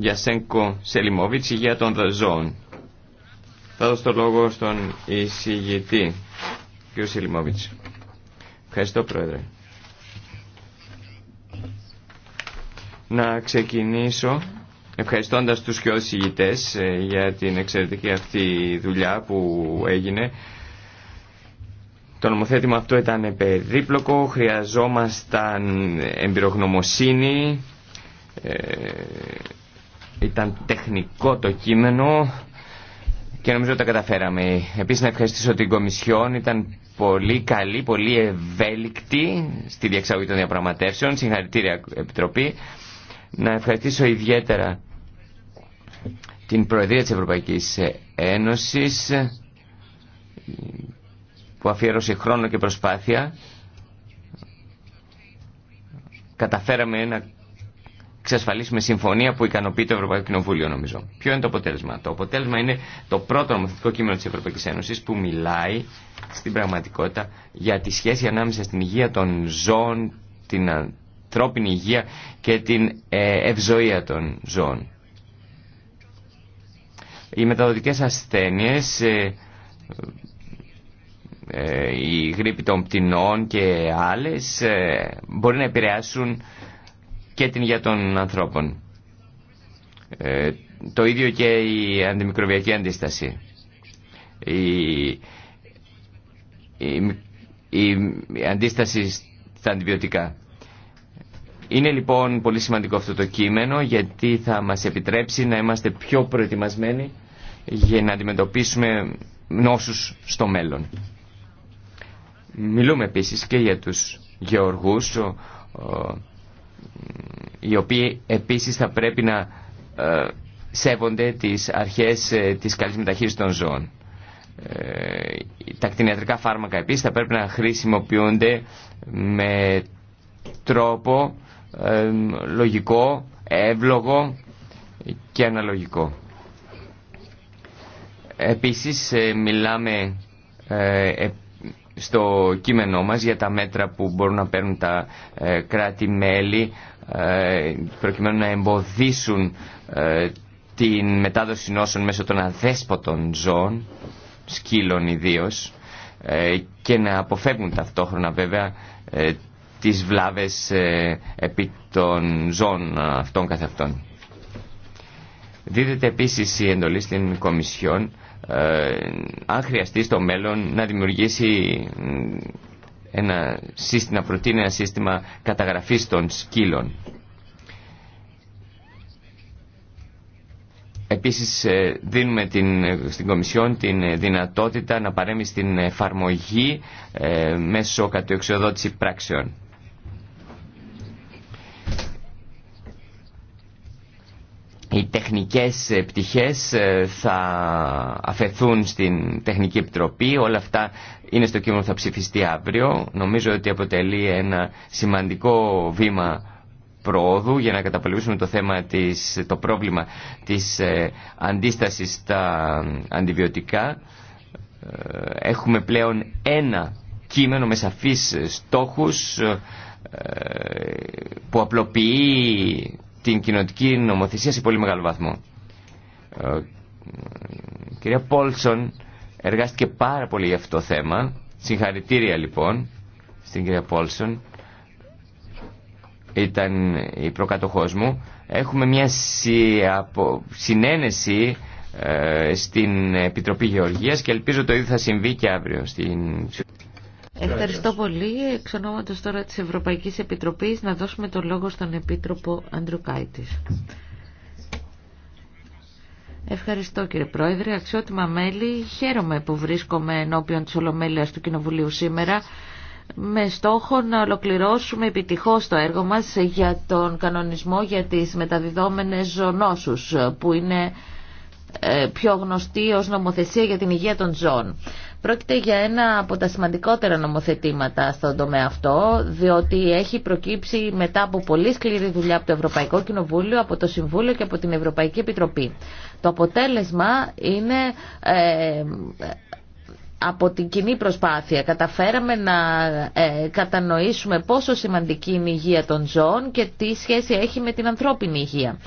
Γιασένκο Σελιμόβιτς, Υγεία των Ζώων. Θα δώσω το λόγο στον εισηγητή, κ. Σελιμόβιτς. Ευχαριστώ, Πρόεδρε. Να ξεκινήσω ευχαριστώντας τους και όλους ε, για την εξαιρετική αυτή δουλειά που έγινε. Το νομοθέτημα αυτό ήταν περίπλοκο, χρειαζόμασταν εμπειρογνωμοσύνη, ε, ήταν τεχνικό το κείμενο και νομίζω ότι τα καταφέραμε. Επίσης να ευχαριστήσω την Κομισιόν. Ήταν πολύ καλή, πολύ ευέλικτη στη διεξαγωγή των διαπραγματεύσεων. Συγχαρητήρια Επιτροπή. Να ευχαριστήσω ιδιαίτερα την Προεδρία της Ευρωπαϊκής Ένωσης που αφιέρωσε χρόνο και προσπάθεια. Καταφέραμε ένα εξασφαλίσουμε συμφωνία που ικανοποιεί το Ευρωπαϊκό Κοινοβούλιο, νομίζω. Ποιο είναι το αποτέλεσμα. Το αποτέλεσμα είναι το πρώτο νομοθετικό κείμενο τη Ευρωπαϊκή Ένωση που μιλάει στην πραγματικότητα για τη σχέση ανάμεσα στην υγεία των ζώων, την ανθρώπινη υγεία και την ε, ευζοία των ζώων. Οι μεταδοτικές ασθένειες, ε, ε, η γρήπη των πτηνών και άλλες μπορεί να επηρεάσουν και την για των ανθρώπων. Ε, το ίδιο και η αντιμικροβιακή αντίσταση. Η, η, η, αντίσταση στα αντιβιωτικά. Είναι λοιπόν πολύ σημαντικό αυτό το κείμενο γιατί θα μας επιτρέψει να είμαστε πιο προετοιμασμένοι για να αντιμετωπίσουμε νόσους στο μέλλον. Μιλούμε επίσης και για τους γεωργούς. ο, οι οποίοι επίσης θα πρέπει να ε, σέβονται τις αρχές ε, της καλής μεταχείρισης των ζώων. Ε, τα κτηνιατρικά φάρμακα επίσης θα πρέπει να χρησιμοποιούνται με τρόπο λογικό, εύλογο και αναλογικό. Επίσης μιλάμε στο κείμενό μας για τα μέτρα που μπορούν να παίρνουν τα ε, κράτη-μέλη ε, προκειμένου να εμποδίσουν ε, την μετάδοση νόσων μέσω των αδέσποτων ζώων, σκύλων ιδίως, και να αποφεύγουν ταυτόχρονα βέβαια τις βλάβες επί των ζώων αυτών καθ' αυτών. Δίδεται επίσης η εντολή στην Κομισιόν ε, αν χρειαστεί στο μέλλον να δημιουργήσει ένα σύστημα, προτείνει ένα σύστημα καταγραφής των σκύλων. Επίσης ε, δίνουμε την, ε, στην Κομισιόν την δυνατότητα να παρέμει στην εφαρμογή μέσω κατεξοδότηση πράξεων. οι τεχνικές πτυχές ε, θα αφαιθούν στην Τεχνική Επιτροπή. Όλα αυτά είναι στο κείμενο που θα ψηφιστεί αύριο. Νομίζω ότι αποτελεί ένα σημαντικό βήμα προόδου για να καταπολεμήσουμε το θέμα της, το πρόβλημα της ε, αντίστασης στα αντιβιωτικά. Ε, έχουμε πλέον ένα κείμενο με σαφείς στόχους που απλοποιεί την κοινοτική νομοθεσία σε πολύ μεγάλο βαθμό. Η ε, κυρία Πόλσον εργάστηκε πάρα πολύ για αυτό το θέμα. Συγχαρητήρια λοιπόν στην κυρία Πόλσον. Ήταν η προκατοχός μου. Έχουμε μια συνένεση ε, στην Επιτροπή Γεωργίας και ελπίζω το ίδιο θα συμβεί και αύριο στην Ευχαριστώ πολύ. Εξ ονόματος τώρα της Ευρωπαϊκής Επιτροπής να δώσουμε το λόγο στον Επίτροπο Αντρουκάητης. Ευχαριστώ κύριε Πρόεδρε, αξιότιμα μέλη. Χαίρομαι που βρίσκομαι ενώπιον της Ολομέλειας του Κοινοβουλίου σήμερα με στόχο να ολοκληρώσουμε επιτυχώς το έργο μας για τον κανονισμό για τις μεταδιδόμενες ζωνόσους που είναι ε, πιο γνωστή ως νομοθεσία για την υγεία των ζώων. Πρόκειται για ένα από τα σημαντικότερα νομοθετήματα στον τομέα αυτό, διότι έχει προκύψει μετά από πολύ σκληρή δουλειά από το Ευρωπαϊκό Κοινοβούλιο, από το Συμβούλιο και από την Ευρωπαϊκή Επιτροπή. Το αποτέλεσμα είναι ε, από την κοινή προσπάθεια καταφέραμε να ε, κατανοήσουμε πόσο σημαντική είναι η υγεία των ζώων και τι σχέση έχει με την ανθρώπινη υγεία.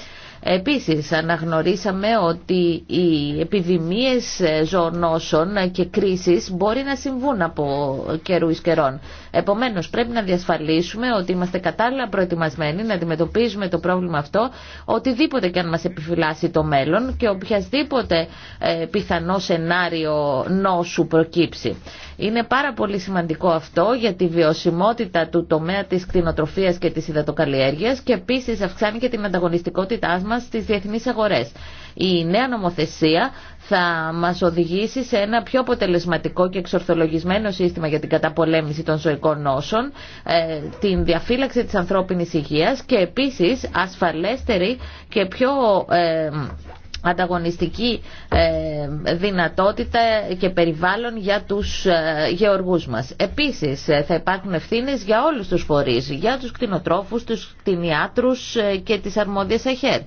Επίσης αναγνωρίσαμε ότι οι επιδημίες ζωονόσων και κρίσεις μπορεί να συμβούν από καιρού καιρών. Επομένω, πρέπει να διασφαλίσουμε ότι είμαστε κατάλληλα προετοιμασμένοι να αντιμετωπίζουμε το πρόβλημα αυτό οτιδήποτε και αν μα επιφυλάσει το μέλλον και οποιασδήποτε ε, πιθανό σενάριο νόσου προκύψει. Είναι πάρα πολύ σημαντικό αυτό για τη βιωσιμότητα του τομέα τη κτηνοτροφίας και τη υδατοκαλλιέργεια και επίση αυξάνει και την ανταγωνιστικότητά μα στι διεθνεί αγορέ. Η νέα νομοθεσία θα μας οδηγήσει σε ένα πιο αποτελεσματικό και εξορθολογισμένο σύστημα για την καταπολέμηση των ζωικών ε, την διαφύλαξη της ανθρώπινης υγείας και επίσης ασφαλέστερη και πιο ε, ανταγωνιστική ε, δυνατότητα και περιβάλλον για τους γεωργούς μας. Επίσης θα υπάρχουν ευθύνε για όλους τους φορείς, για τους κτηνοτρόφους, τους κτηνιάτρους και τις αρμόδιες αχέρ.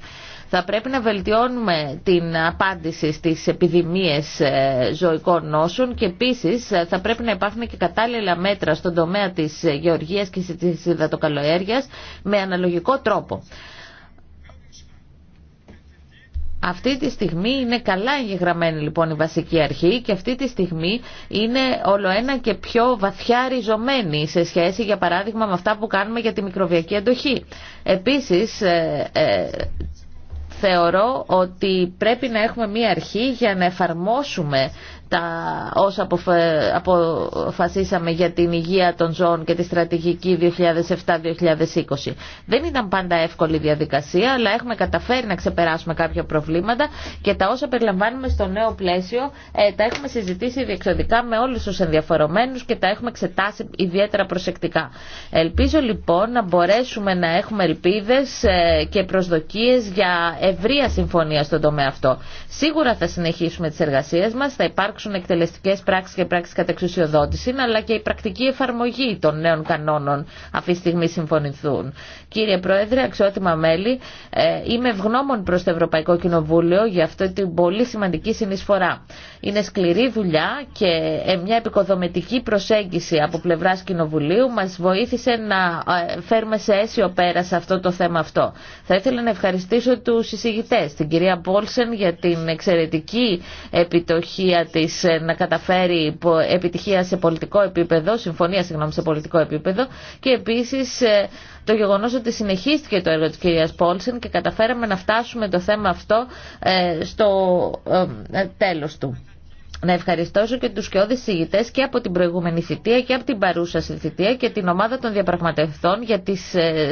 Θα πρέπει να βελτιώνουμε την απάντηση στις επιδημίες ε, ζωικών νόσων και επίσης ε, θα πρέπει να υπάρχουν και κατάλληλα μέτρα στον τομέα της ε, γεωργίας και της υδατοκαλοέργειας με αναλογικό τρόπο. Αυτή τη στιγμή είναι καλά εγγεγραμμένη λοιπόν η βασική αρχή και αυτή τη στιγμή είναι όλο ένα και πιο βαθιά ριζωμένη σε σχέση για παράδειγμα με αυτά που κάνουμε για τη μικροβιακή εντοχή. Επίσης θεωρώ ότι πρέπει να έχουμε μία αρχή για να εφαρμόσουμε τα όσα αποφασίσαμε για την υγεία των ζώων και τη στρατηγική 2007-2020. Δεν ήταν πάντα εύκολη διαδικασία, αλλά έχουμε καταφέρει να ξεπεράσουμε κάποια προβλήματα και τα όσα περιλαμβάνουμε στο νέο πλαίσιο ε, τα έχουμε συζητήσει διεξοδικά με όλου του ενδιαφορομένους και τα έχουμε εξετάσει ιδιαίτερα προσεκτικά. Ελπίζω λοιπόν να μπορέσουμε να έχουμε ελπίδε ε, και προσδοκίε για ευρεία συμφωνία στον τομέα αυτό. Σίγουρα θα συνεχίσουμε τις εργασίες μα. θα υπάρξουν εκτελεστικέ πράξει και πράξει κατά εξουσιοδότηση, αλλά και η πρακτική εφαρμογή των νέων κανόνων αυτή τη στιγμή συμφωνηθούν. Κύριε Πρόεδρε, αξιότιμα μέλη, ε, είμαι ευγνώμων προ το Ευρωπαϊκό Κοινοβούλιο για αυτή την πολύ σημαντική συνεισφορά. Είναι σκληρή δουλειά και ε, μια επικοδομητική προσέγγιση από πλευρά Κοινοβουλίου μα βοήθησε να ε, φέρουμε σε αίσιο πέρα σε αυτό το θέμα αυτό. Θα ήθελα να ευχαριστήσω του συζητητέ, την κυρία Πόλσεν για την εξαιρετική επιτοχία τη ε, να καταφέρει επιτυχία σε πολιτικό επίπεδο, συμφωνία συγγνώμη, σε πολιτικό επίπεδο και επίσης ε, το γεγονός ότι συνεχίστηκε το έργο της κυρίας Πόλσεν και καταφέραμε να φτάσουμε το θέμα αυτό ε, στο τέλος του. Να ευχαριστώσω και τους σκιώδεις συγητές και από την προηγούμενη θητεία και από την παρούσα θητεία και την ομάδα των διαπραγματευτών για τις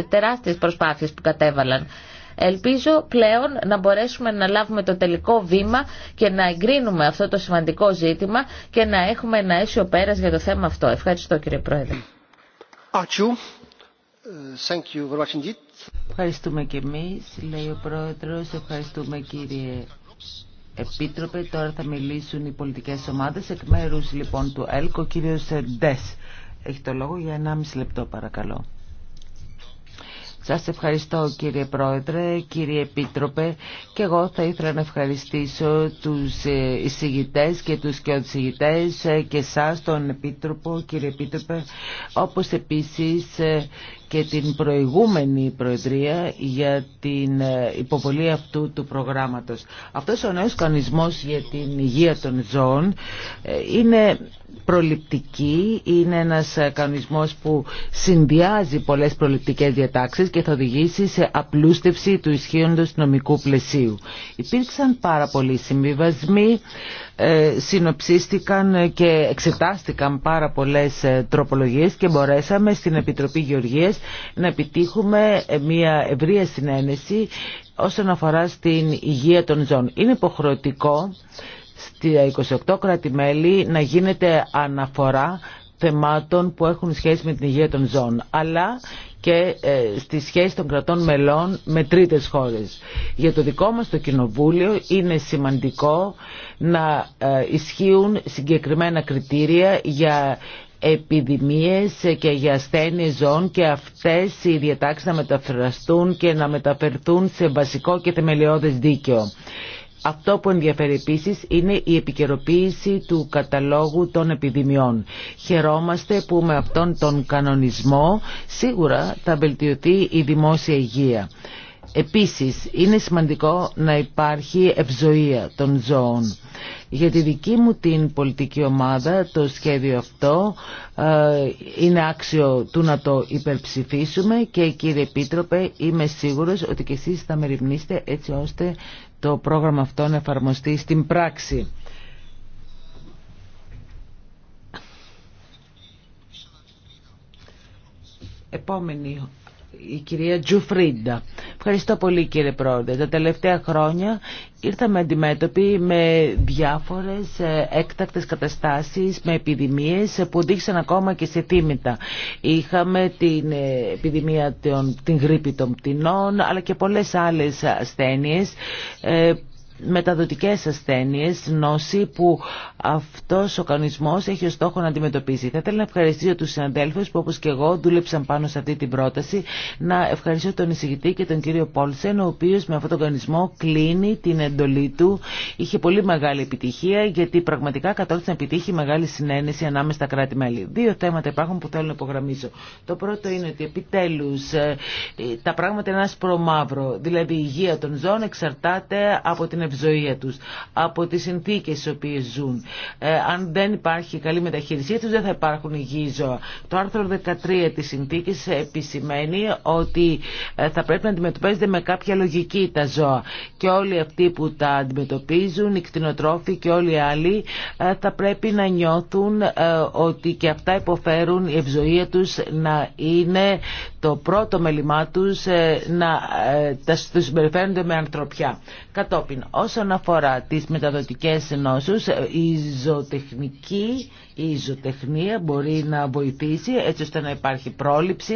τεράστιες προσπάθειες που κατέβαλαν. Ελπίζω πλέον να μπορέσουμε να λάβουμε το τελικό βήμα και να εγκρίνουμε αυτό το σημαντικό ζήτημα και να έχουμε ένα αίσιο πέρας για το θέμα αυτό. Ευχαριστώ κύριε Πρόεδρε. Ευχαριστούμε και εμείς, λέει ο Πρόεδρος. Ευχαριστούμε κύριε Επίτροπε. Τώρα θα μιλήσουν οι πολιτικές ομάδες. Εκ μέρους λοιπόν του ΕΛΚ, ο κύριος Ντες. Έχει το λόγο για 1,5 λεπτό παρακαλώ. Σας ευχαριστώ κύριε Πρόεδρε, κύριε Επίτροπε και εγώ θα ήθελα να ευχαριστήσω τους ε, εισηγητές και τους και οδησηγητές ε, και σας τον Επίτροπο, κύριε Επίτροπε, όπως επίσης ε, και την προηγούμενη Προεδρία για την υποβολή αυτού του προγράμματος. Αυτός ο νέος κανονισμός για την υγεία των ζώων είναι προληπτική, είναι ένας ε, κανονισμός που συνδυάζει πολλές προληπτικές διατάξεις και θα οδηγήσει σε απλούστευση του ισχύοντος νομικού πλαισίου. Υπήρξαν πάρα πολλοί συμβιβασμοί, ε, συνοψίστηκαν και εξετάστηκαν πάρα πολλές ε, τροπολογίες και μπορέσαμε στην Επιτροπή Γεωργίας να επιτύχουμε μια ευρεία συνένεση όσον αφορά στην υγεία των ζώων. Είναι υποχρεωτικό Στη 28 κράτη-μέλη να γίνεται αναφορά θεμάτων που έχουν σχέση με την υγεία των ζώων, αλλά και ε, στη σχέση των κρατών μελών με τρίτες χώρες. Για το δικό μας το Κοινοβούλιο είναι σημαντικό να ε, ισχύουν συγκεκριμένα κριτήρια για επιδημίες και για ασθένειες ζώων και αυτές οι διατάξεις να μεταφραστούν και να μεταφερθούν σε βασικό και θεμελιώδες δίκαιο. Αυτό που ενδιαφέρει επίσης είναι η επικαιροποίηση του καταλόγου των επιδημιών. Χαιρόμαστε που με αυτόν τον κανονισμό σίγουρα θα βελτιωθεί η δημόσια υγεία. Επίσης, είναι σημαντικό να υπάρχει ευζοία των ζώων. Για τη δική μου την πολιτική ομάδα το σχέδιο αυτό ε, είναι άξιο του να το υπερψηφίσουμε και κύριε Επίτροπε είμαι σίγουρος ότι και εσείς θα έτσι ώστε το πρόγραμμα αυτό να εφαρμοστεί στην πράξη. Επόμενη η κυρία Τζουφρίντα. Ευχαριστώ πολύ κύριε Πρόεδρε. Τα τελευταία χρόνια ήρθαμε αντιμέτωποι με διάφορες ε, έκτακτες καταστάσεις, με επιδημίες που δείξαν ακόμα και σε θύμητα. Είχαμε την ε, επιδημία, την γρήπη των πτηνών, αλλά και πολλές άλλες ασθένειες ε, μεταδοτικές ασθένειες, νόση που αυτός ο κανονισμός έχει ως στόχο να αντιμετωπίσει. Θα ήθελα να ευχαριστήσω τους συναντέλφους που όπως και εγώ δούλεψαν πάνω σε αυτή την πρόταση. Να ευχαριστήσω τον εισηγητή και τον κύριο Πόλσεν, ο οποίος με αυτόν τον κανονισμό κλείνει την εντολή του. Είχε πολύ μεγάλη επιτυχία γιατί πραγματικά κατόρθωσε να επιτύχει μεγάλη συνένεση ανάμεσα στα κράτη-μέλη. Δύο θέματα υπάρχουν που θέλω να υπογραμμίσω. Το πρώτο είναι ότι επιτέλους ε, τα πράγματα είναι ένα προμαύρο. Δηλαδή η υγεία των ζώων εξαρτάται από την ευζοία τους, από τις συνθήκες στις οποίες ζουν. Ε, αν δεν υπάρχει καλή μεταχείρισή τους δεν θα υπάρχουν υγιή ζώα. Το άρθρο 13 της συνθήκης επισημαίνει ότι ε, θα πρέπει να αντιμετωπίζονται με κάποια λογική τα ζώα και όλοι αυτοί που τα αντιμετωπίζουν, οι κτηνοτρόφοι και όλοι οι άλλοι ε, θα πρέπει να νιώθουν ότι και αυτά υποφέρουν η ευζοία τους να είναι το πρώτο μέλημά τους ε, να ε, τα συμπεριφέρονται με ανθρωπιά. Κατόπιν, όσον αφορά τις μεταδοτικές νόσους, ε, η ζωοτεχνική η ζωτεχνία μπορεί να βοηθήσει έτσι ώστε να υπάρχει πρόληψη,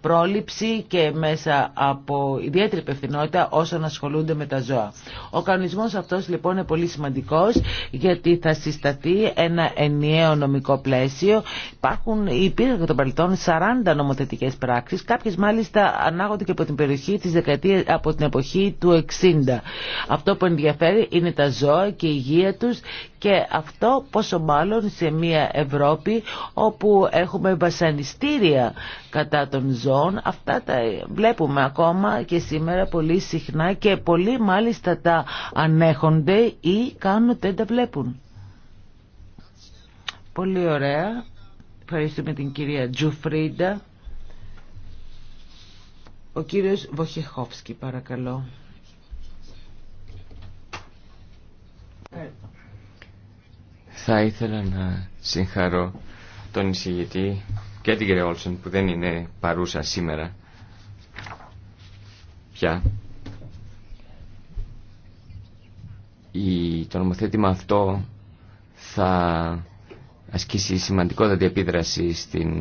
πρόληψη και μέσα από ιδιαίτερη υπευθυνότητα όσων ασχολούνται με τα ζώα. Ο κανονισμός αυτός λοιπόν είναι πολύ σημαντικός γιατί θα συσταθεί ένα ενιαίο νομικό πλαίσιο. Υπάρχουν, υπήρχαν κατά παρελθόν 40 νομοθετικές πράξεις, κάποιες μάλιστα ανάγονται και από την περιοχή της δεκαετίας, από την εποχή του 60. Αυτό που ενδιαφέρει είναι τα ζώα και η υγεία τους και αυτό πόσο μάλλον σε μια Ευρώπη όπου έχουμε βασανιστήρια κατά των ζώων. Αυτά τα βλέπουμε ακόμα και σήμερα πολύ συχνά και πολλοί μάλιστα τα ανέχονται ή κάνουν ότι δεν τα βλέπουν. Πολύ ωραία. Ευχαριστούμε την κυρία Τζουφρίντα. Ο κύριος Βοχεχόφσκι παρακαλώ. Ε, θα ήθελα να συγχαρώ τον εισηγητή και την κυρία Όλσον που δεν είναι παρούσα σήμερα πια. Η, το νομοθέτημα αυτό θα ασκήσει σημαντικότατη επίδραση στην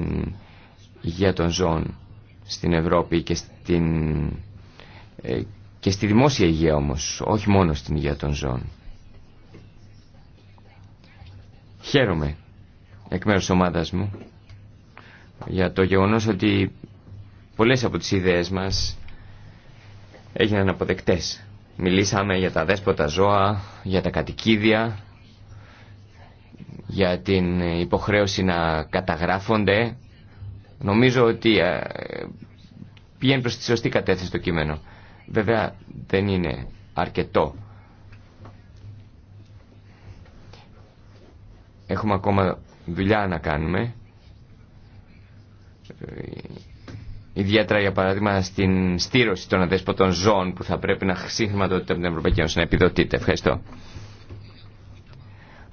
υγεία των ζώων στην Ευρώπη και, ε, και στη δημόσια υγεία όμως, όχι μόνο στην υγεία των ζώων. Χαίρομαι εκ μέρους της ομάδας μου για το γεγονός ότι πολλές από τις ιδέες μας έγιναν αποδεκτές. Μιλήσαμε για τα δέσποτα ζώα, για τα κατοικίδια, για την υποχρέωση να καταγράφονται. Νομίζω ότι ε, πηγαίνει προς τη σωστή κατεύθυνση το κείμενο. Βέβαια δεν είναι αρκετό Έχουμε ακόμα δουλειά να κάνουμε. Ε, ιδιαίτερα, για παράδειγμα, στην στήρωση των αδέσποτων ζώων που θα πρέπει να συγχρηματοδοτείται από την Ευρωπαϊκή Ένωση, να επιδοτείται. Ευχαριστώ.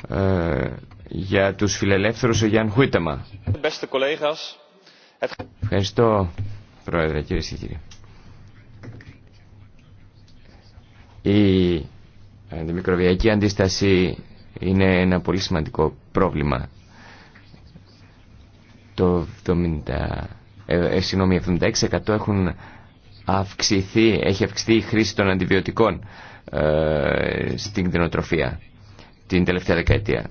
Ε, για τους φιλελεύθερους, ο Γιάνν Χουίτεμα. Ευχαριστώ, Πρόεδρε, κύριε και κύριοι. Η αντιμικροβιακή ε, αντίσταση είναι ένα πολύ σημαντικό πρόβλημα. Το 70, 76% ε, ε, έχουν αυξηθεί, έχει αυξηθεί η χρήση των αντιβιωτικών ε, στην κτηνοτροφία την τελευταία δεκαετία.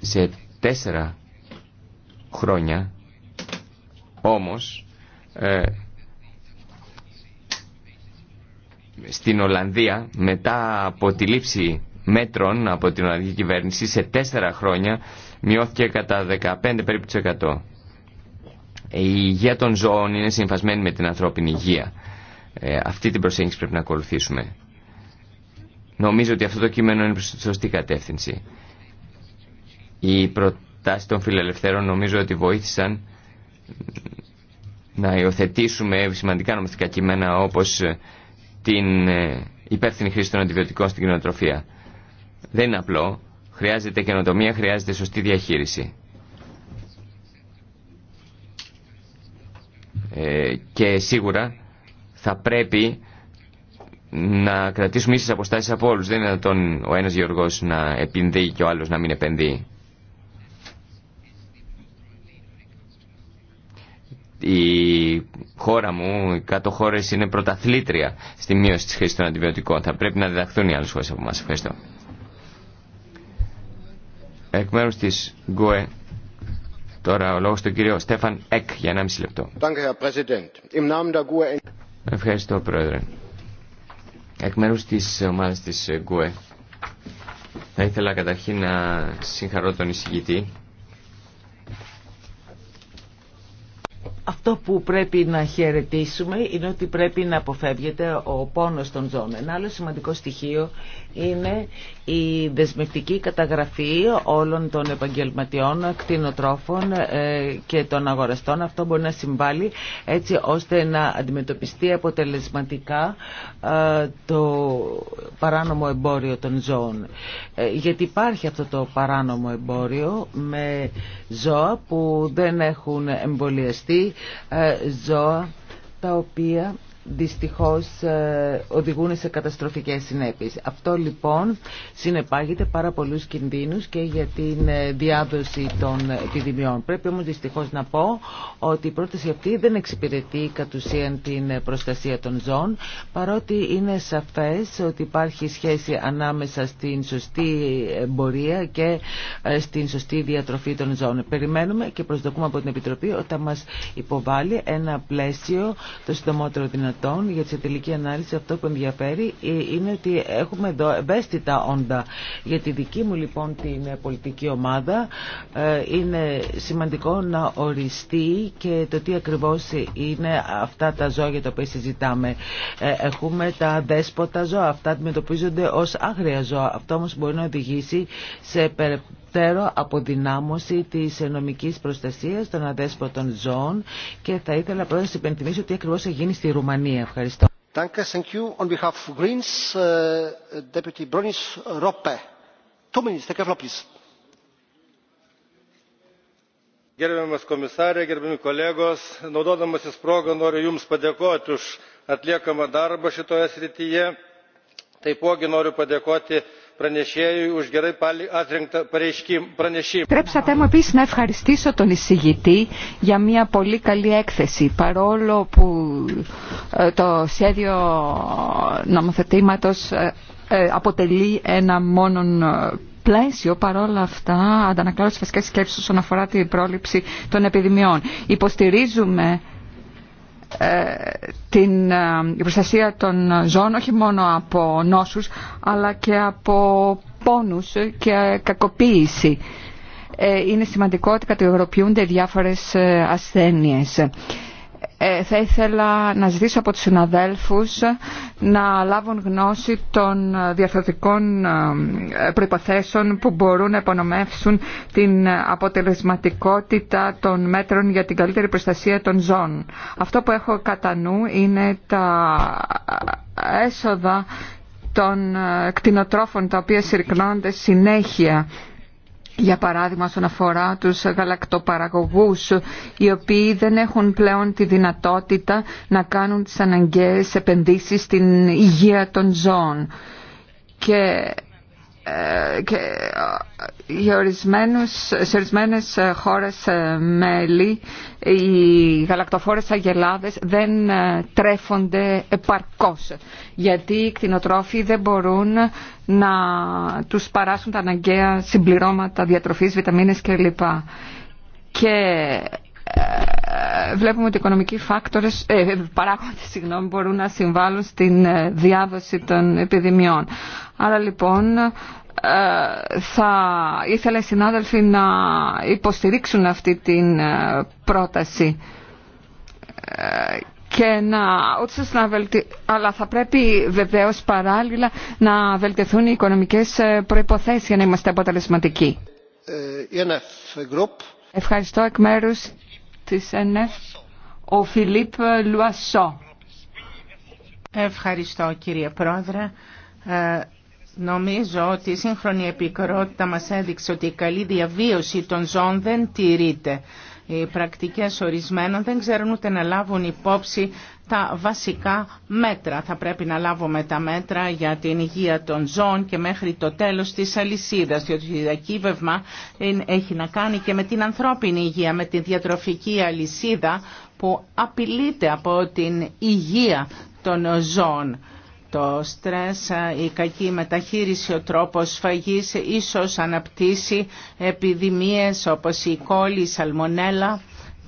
Σε τέσσερα χρόνια όμως στην Ολλανδία μετά από τη λήψη μέτρων από την Ολλανδική κυβέρνηση σε τέσσερα χρόνια μειώθηκε κατά 15 περίπου Η υγεία των ζώων είναι συμφασμένη με την ανθρώπινη υγεία. Ε, αυτή την προσέγγιση πρέπει να ακολουθήσουμε. Νομίζω ότι αυτό το κείμενο είναι προς τη σωστή κατεύθυνση. Οι προτάσεις των φιλελευθέρων νομίζω ότι βοήθησαν να υιοθετήσουμε σημαντικά νομιστικά κείμενα όπως ε, την ε, υπεύθυνη χρήση των αντιβιωτικών στην κοινοτροφία. Δεν είναι απλό. Χρειάζεται καινοτομία, χρειάζεται σωστή διαχείριση. Ε, και σίγουρα θα πρέπει να κρατήσουμε ίσες αποστάσεις από όλους. Δεν είναι δυνατόν ο ένας γεωργός να επενδύει και ο άλλος να μην επενδύει. η χώρα μου, οι κάτω χώρε είναι πρωταθλήτρια στη μείωση τη χρήση των αντιβιωτικών. Θα πρέπει να διδαχθούν οι άλλε χώρε από εμά. Ευχαριστώ. Εκ μέρου τη Γκουε, τώρα ο λόγο του κύριο Στέφαν Εκ για 1,5 λεπτό. Ευχαριστώ, Πρόεδρε. Εκ μέρου τη ομάδα τη Γκουε, θα ήθελα καταρχήν να συγχαρώ τον εισηγητή Αυτό που πρέπει να χαιρετήσουμε είναι ότι πρέπει να αποφεύγεται ο πόνος των ζώων. Ένα άλλο σημαντικό στοιχείο είναι η δεσμευτική καταγραφή όλων των επαγγελματιών, κτηνοτρόφων ε, και των αγοραστών. Αυτό μπορεί να συμβάλλει έτσι ώστε να αντιμετωπιστεί αποτελεσματικά ε, το παράνομο εμπόριο των ζώων. Ε, γιατί υπάρχει αυτό το παράνομο εμπόριο με ζώα που δεν έχουν εμβολιαστεί ε, ζώα τα οποία δυστυχώς ε, οδηγούν σε καταστροφικές συνέπειες. Αυτό λοιπόν συνεπάγεται πάρα πολλούς κινδύνους και για την ε, διάδοση των επιδημιών. Πρέπει όμως δυστυχώς να πω ότι η πρόταση αυτή δεν εξυπηρετεί κατ' ουσίαν την προστασία των ζώων παρότι είναι σαφές ότι υπάρχει σχέση ανάμεσα στην σωστή εμπορία και ε, στην σωστή διατροφή των ζώων. Περιμένουμε και προσδοκούμε από την Επιτροπή όταν μας υποβάλει ένα πλαίσιο το συντομότερο δυνατό δυνατόν για τη τελική ανάλυση αυτό που ενδιαφέρει ε, είναι ότι έχουμε εδώ ευαίσθητα όντα για τη δική μου λοιπόν την πολιτική ομάδα ε, είναι σημαντικό να οριστεί και το τι ακριβώς είναι αυτά τα ζώα για τα οποία συζητάμε ε, έχουμε τα δέσποτα ζώα αυτά αντιμετωπίζονται ως άγρια ζώα αυτό όμως μπορεί να οδηγήσει σε περαιτέρω αποδυνάμωση της νομικής προστασίας των αδέσποτων ζώων και θα ήθελα πρώτα να σας υπενθυμίσω τι ακριβώς έχει γίνει στη Ρουμανία. Ευχαριστώ. thank you. On behalf of Greens, Deputy Bronis Gerbiamas komisarė, gerbiami kolegos, naudodamasis progą noriu Jums padėkoti už atliekamą darbą šitoje srityje. Taipogi noriu padėkoti Τρέψατε μου επίσης να ευχαριστήσω τον εισηγητή για μια πολύ καλή έκθεση παρόλο που ε, το σχέδιο νομοθετήματος ε, ε, αποτελεί ένα μόνον πλαίσιο παρόλα αυτά αντανακλάω τις βασικές σκέψεις όσον αφορά την πρόληψη των επιδημιών. Υποστηρίζουμε ε, την ε, προστασία των ζώων όχι μόνο από νόσους αλλά και από πόνους και κακοποίηση. Ε, είναι σημαντικό ότι κατηγοροποιούνται διάφορες ασθένειες. Ε, θα ήθελα να ζητήσω από τους συναδέλφους να λάβουν γνώση των διαφορετικών ε, προϋποθέσεων που μπορούν να υπονομεύσουν την αποτελεσματικότητα των μέτρων για την καλύτερη προστασία των ζώων. Αυτό που έχω κατά νου είναι τα έσοδα των ε, κτηνοτρόφων τα οποία συρρυκνώνονται συνέχεια για παράδειγμα όσον αφορά τους γαλακτοπαραγωγούς οι οποίοι δεν έχουν πλέον τη δυνατότητα να κάνουν τις αναγκαίες επενδύσεις στην υγεία των ζώων και ε, και σε ορισμένε ε, χώρες ε, μέλη οι γαλακτοφόρες αγελάδες δεν τρέφονται επαρκώς γιατί οι κτηνοτρόφοι δεν μπορούν να τους παράσουν τα αναγκαία συμπληρώματα διατροφής, βιταμίνες κλπ. Και ε, βλέπουμε ότι οι οικονομικοί φάκτορες, ε, μπορούν να συμβάλλουν στην ε, διάδοση των επιδημιών. Άρα λοιπόν ε, θα ήθελα οι συνάδελφοι να υποστηρίξουν αυτή την πρόταση και να, να αλλά θα πρέπει βεβαίως παράλληλα να βελτιωθούν οι οικονομικές προϋποθέσεις για να είμαστε αποτελεσματικοί. Ευχαριστώ εκ μέρους ο Φιλίπ Λουασό. Ευχαριστώ κύριε Πρόεδρε. Ε, νομίζω ότι η σύγχρονη επικαιρότητα μας έδειξε ότι η καλή διαβίωση των ζώων δεν τηρείται. Οι πρακτικές ορισμένων δεν ξέρουν ούτε να λάβουν υπόψη τα βασικά μέτρα. Θα πρέπει να λάβουμε τα μέτρα για την υγεία των ζώων και μέχρι το τέλος της αλυσίδας, διότι το διακύβευμα έχει να κάνει και με την ανθρώπινη υγεία, με την διατροφική αλυσίδα που απειλείται από την υγεία των ζώων. Το στρες, η κακή μεταχείριση, ο τρόπος φαγής ίσως αναπτύσσει επιδημίες όπως η κόλλη, η σαλμονέλα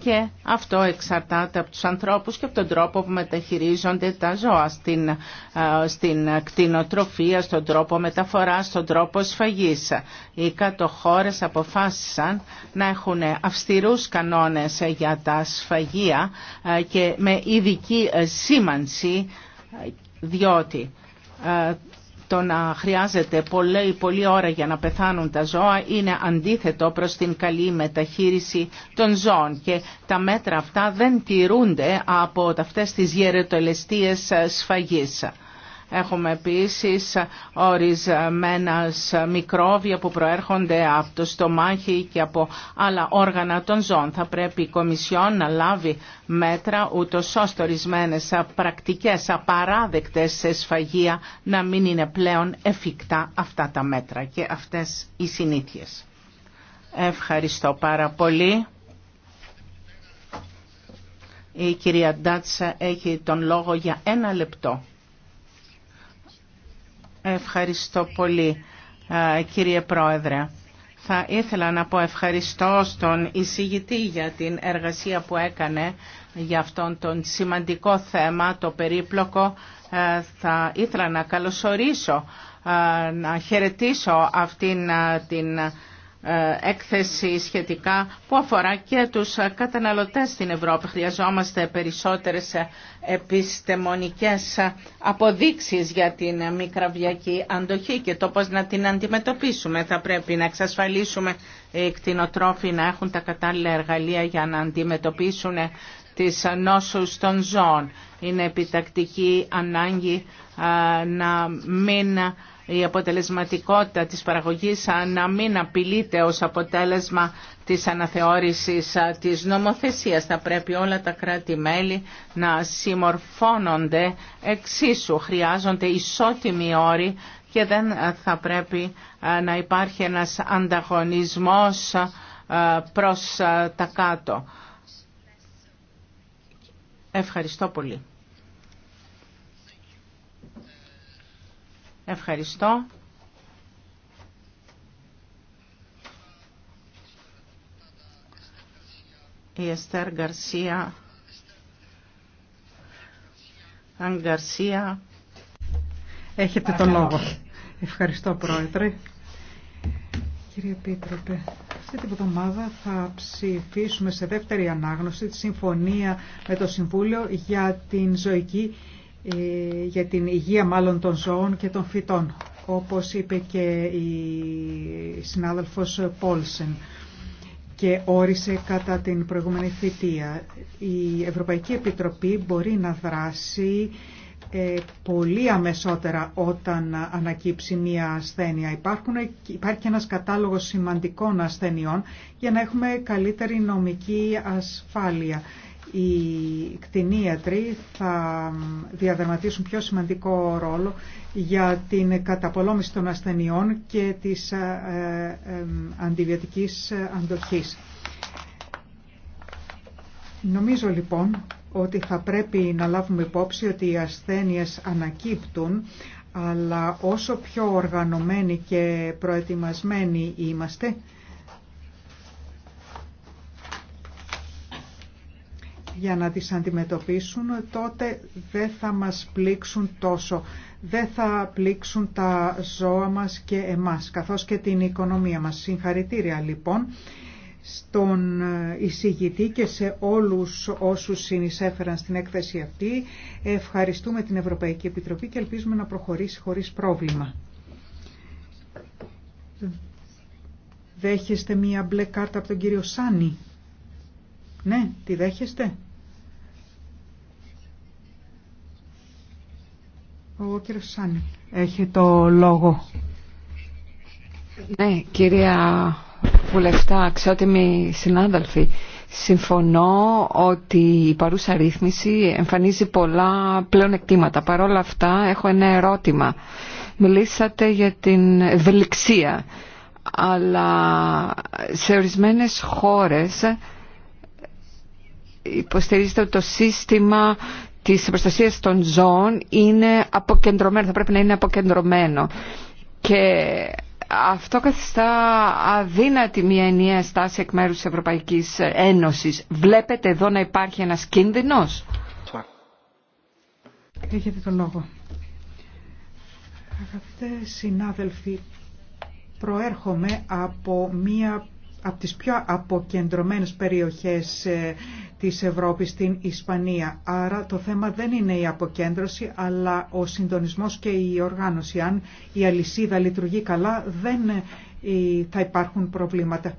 και αυτό εξαρτάται από τους ανθρώπους και από τον τρόπο που μεταχειρίζονται τα ζώα στην, ε, στην κτηνοτροφία, στον τρόπο μεταφοράς, στον τρόπο σφαγής. Οι κατοχώρες αποφάσισαν να έχουν αυστηρούς κανόνες για τα σφαγεία ε, και με ειδική σήμανση ε, διότι το να χρειάζεται πολλή, πολλή ώρα για να πεθάνουν τα ζώα είναι αντίθετο προς την καλή μεταχείριση των ζώων και τα μέτρα αυτά δεν τηρούνται από αυτές τις γερετολεστίες σφαγής. Έχουμε επίσης ορισμένα μικρόβια που προέρχονται από το στομάχι και από άλλα όργανα των ζώων. Θα πρέπει η Κομισιόν να λάβει μέτρα ούτω ώστε ορισμένε πρακτικές απαράδεκτες σε σφαγεία να μην είναι πλέον εφικτά αυτά τα μέτρα και αυτές οι συνήθειες. Ευχαριστώ πάρα πολύ. Η κυρία Ντάτσα έχει τον λόγο για ένα λεπτό. Ευχαριστώ πολύ κύριε Πρόεδρε. Θα ήθελα να πω ευχαριστώ στον εισηγητή για την εργασία που έκανε για αυτόν τον σημαντικό θέμα, το περίπλοκο. Θα ήθελα να καλωσορίσω, να χαιρετήσω αυτήν την ε, έκθεση σχετικά που αφορά και τους καταναλωτές στην Ευρώπη. Χρειαζόμαστε περισσότερες επιστημονικές αποδείξεις για την μικραβιακή αντοχή και το πώς να την αντιμετωπίσουμε. Θα πρέπει να εξασφαλίσουμε οι κτηνοτρόφοι να έχουν τα κατάλληλα εργαλεία για να αντιμετωπίσουν τις νόσους των ζώων. Είναι επιτακτική ανάγκη ε, να μην η αποτελεσματικότητα της παραγωγής να μην απειλείται ως αποτέλεσμα της αναθεώρησης της νομοθεσίας. Θα πρέπει όλα τα κράτη-μέλη να συμμορφώνονται εξίσου. Χρειάζονται ισότιμοι όροι και δεν θα πρέπει να υπάρχει ένας ανταγωνισμός προς τα κάτω. Ευχαριστώ πολύ. Ευχαριστώ. Η Εστέρ Γκαρσία. Αν Γκαρσία. Έχετε το λόγο. Ευχαριστώ Πρόεδρε. Κύριε Επίτροπε, αυτή την εβδομάδα θα ψηφίσουμε σε δεύτερη ανάγνωση τη συμφωνία με το Συμβούλιο για την ζωική ε, για την υγεία μάλλον των ζώων και των φυτών, όπως είπε και η συνάδελφος Πόλσεν και όρισε κατά την προηγούμενη θητεία. Η Ευρωπαϊκή Επιτροπή μπορεί να δράσει ε, πολύ αμεσότερα όταν ανακύψει μία ασθένεια. Υπάρχουν, υπάρχει ένας κατάλογος σημαντικών ασθενειών για να έχουμε καλύτερη νομική ασφάλεια οι κτηνίατροι θα διαδραματίσουν πιο σημαντικό ρόλο για την καταπολόμηση των ασθενειών και της ε, ε, ε, αντιβιωτικής αντοχής. Νομίζω λοιπόν ότι θα πρέπει να λάβουμε υπόψη ότι οι ασθένειες ανακύπτουν αλλά όσο πιο οργανωμένοι και προετοιμασμένοι είμαστε, για να τις αντιμετωπίσουν, τότε δεν θα μας πλήξουν τόσο. Δεν θα πλήξουν τα ζώα μας και εμάς, καθώς και την οικονομία μας. Συγχαρητήρια λοιπόν στον εισηγητή και σε όλους όσους συνεισέφεραν στην έκθεση αυτή. Ευχαριστούμε την Ευρωπαϊκή Επιτροπή και ελπίζουμε να προχωρήσει χωρίς πρόβλημα. Δέχεστε μία μπλε κάρτα από τον κύριο Σάνι. Ναι, τη δέχεστε. Ο κύριος Σάνη έχει το λόγο. Ναι, κυρία Βουλευτά, αξιότιμοι συνάδελφοι, συμφωνώ ότι η παρούσα ρύθμιση εμφανίζει πολλά πλέον εκτήματα. Παρ' όλα αυτά έχω ένα ερώτημα. Μιλήσατε για την ευελιξία, αλλά σε ορισμένες χώρες υποστηρίζεται το σύστημα Τη προστασία των ζώων είναι αποκεντρωμένο, θα πρέπει να είναι αποκεντρωμένο. Και αυτό καθιστά αδύνατη μια ενιαία στάση εκ μέρους της Ευρωπαϊκής Ένωσης. Βλέπετε εδώ να υπάρχει ένας κίνδυνος. Έχετε τον λόγο. Αγαπητέ συνάδελφοι, προέρχομαι από μία από τις πιο αποκεντρωμένες περιοχές ε, της Ευρώπης στην Ισπανία. Άρα το θέμα δεν είναι η αποκέντρωση, αλλά ο συντονισμός και η οργάνωση. Αν η αλυσίδα λειτουργεί καλά, δεν ε, θα υπάρχουν προβλήματα.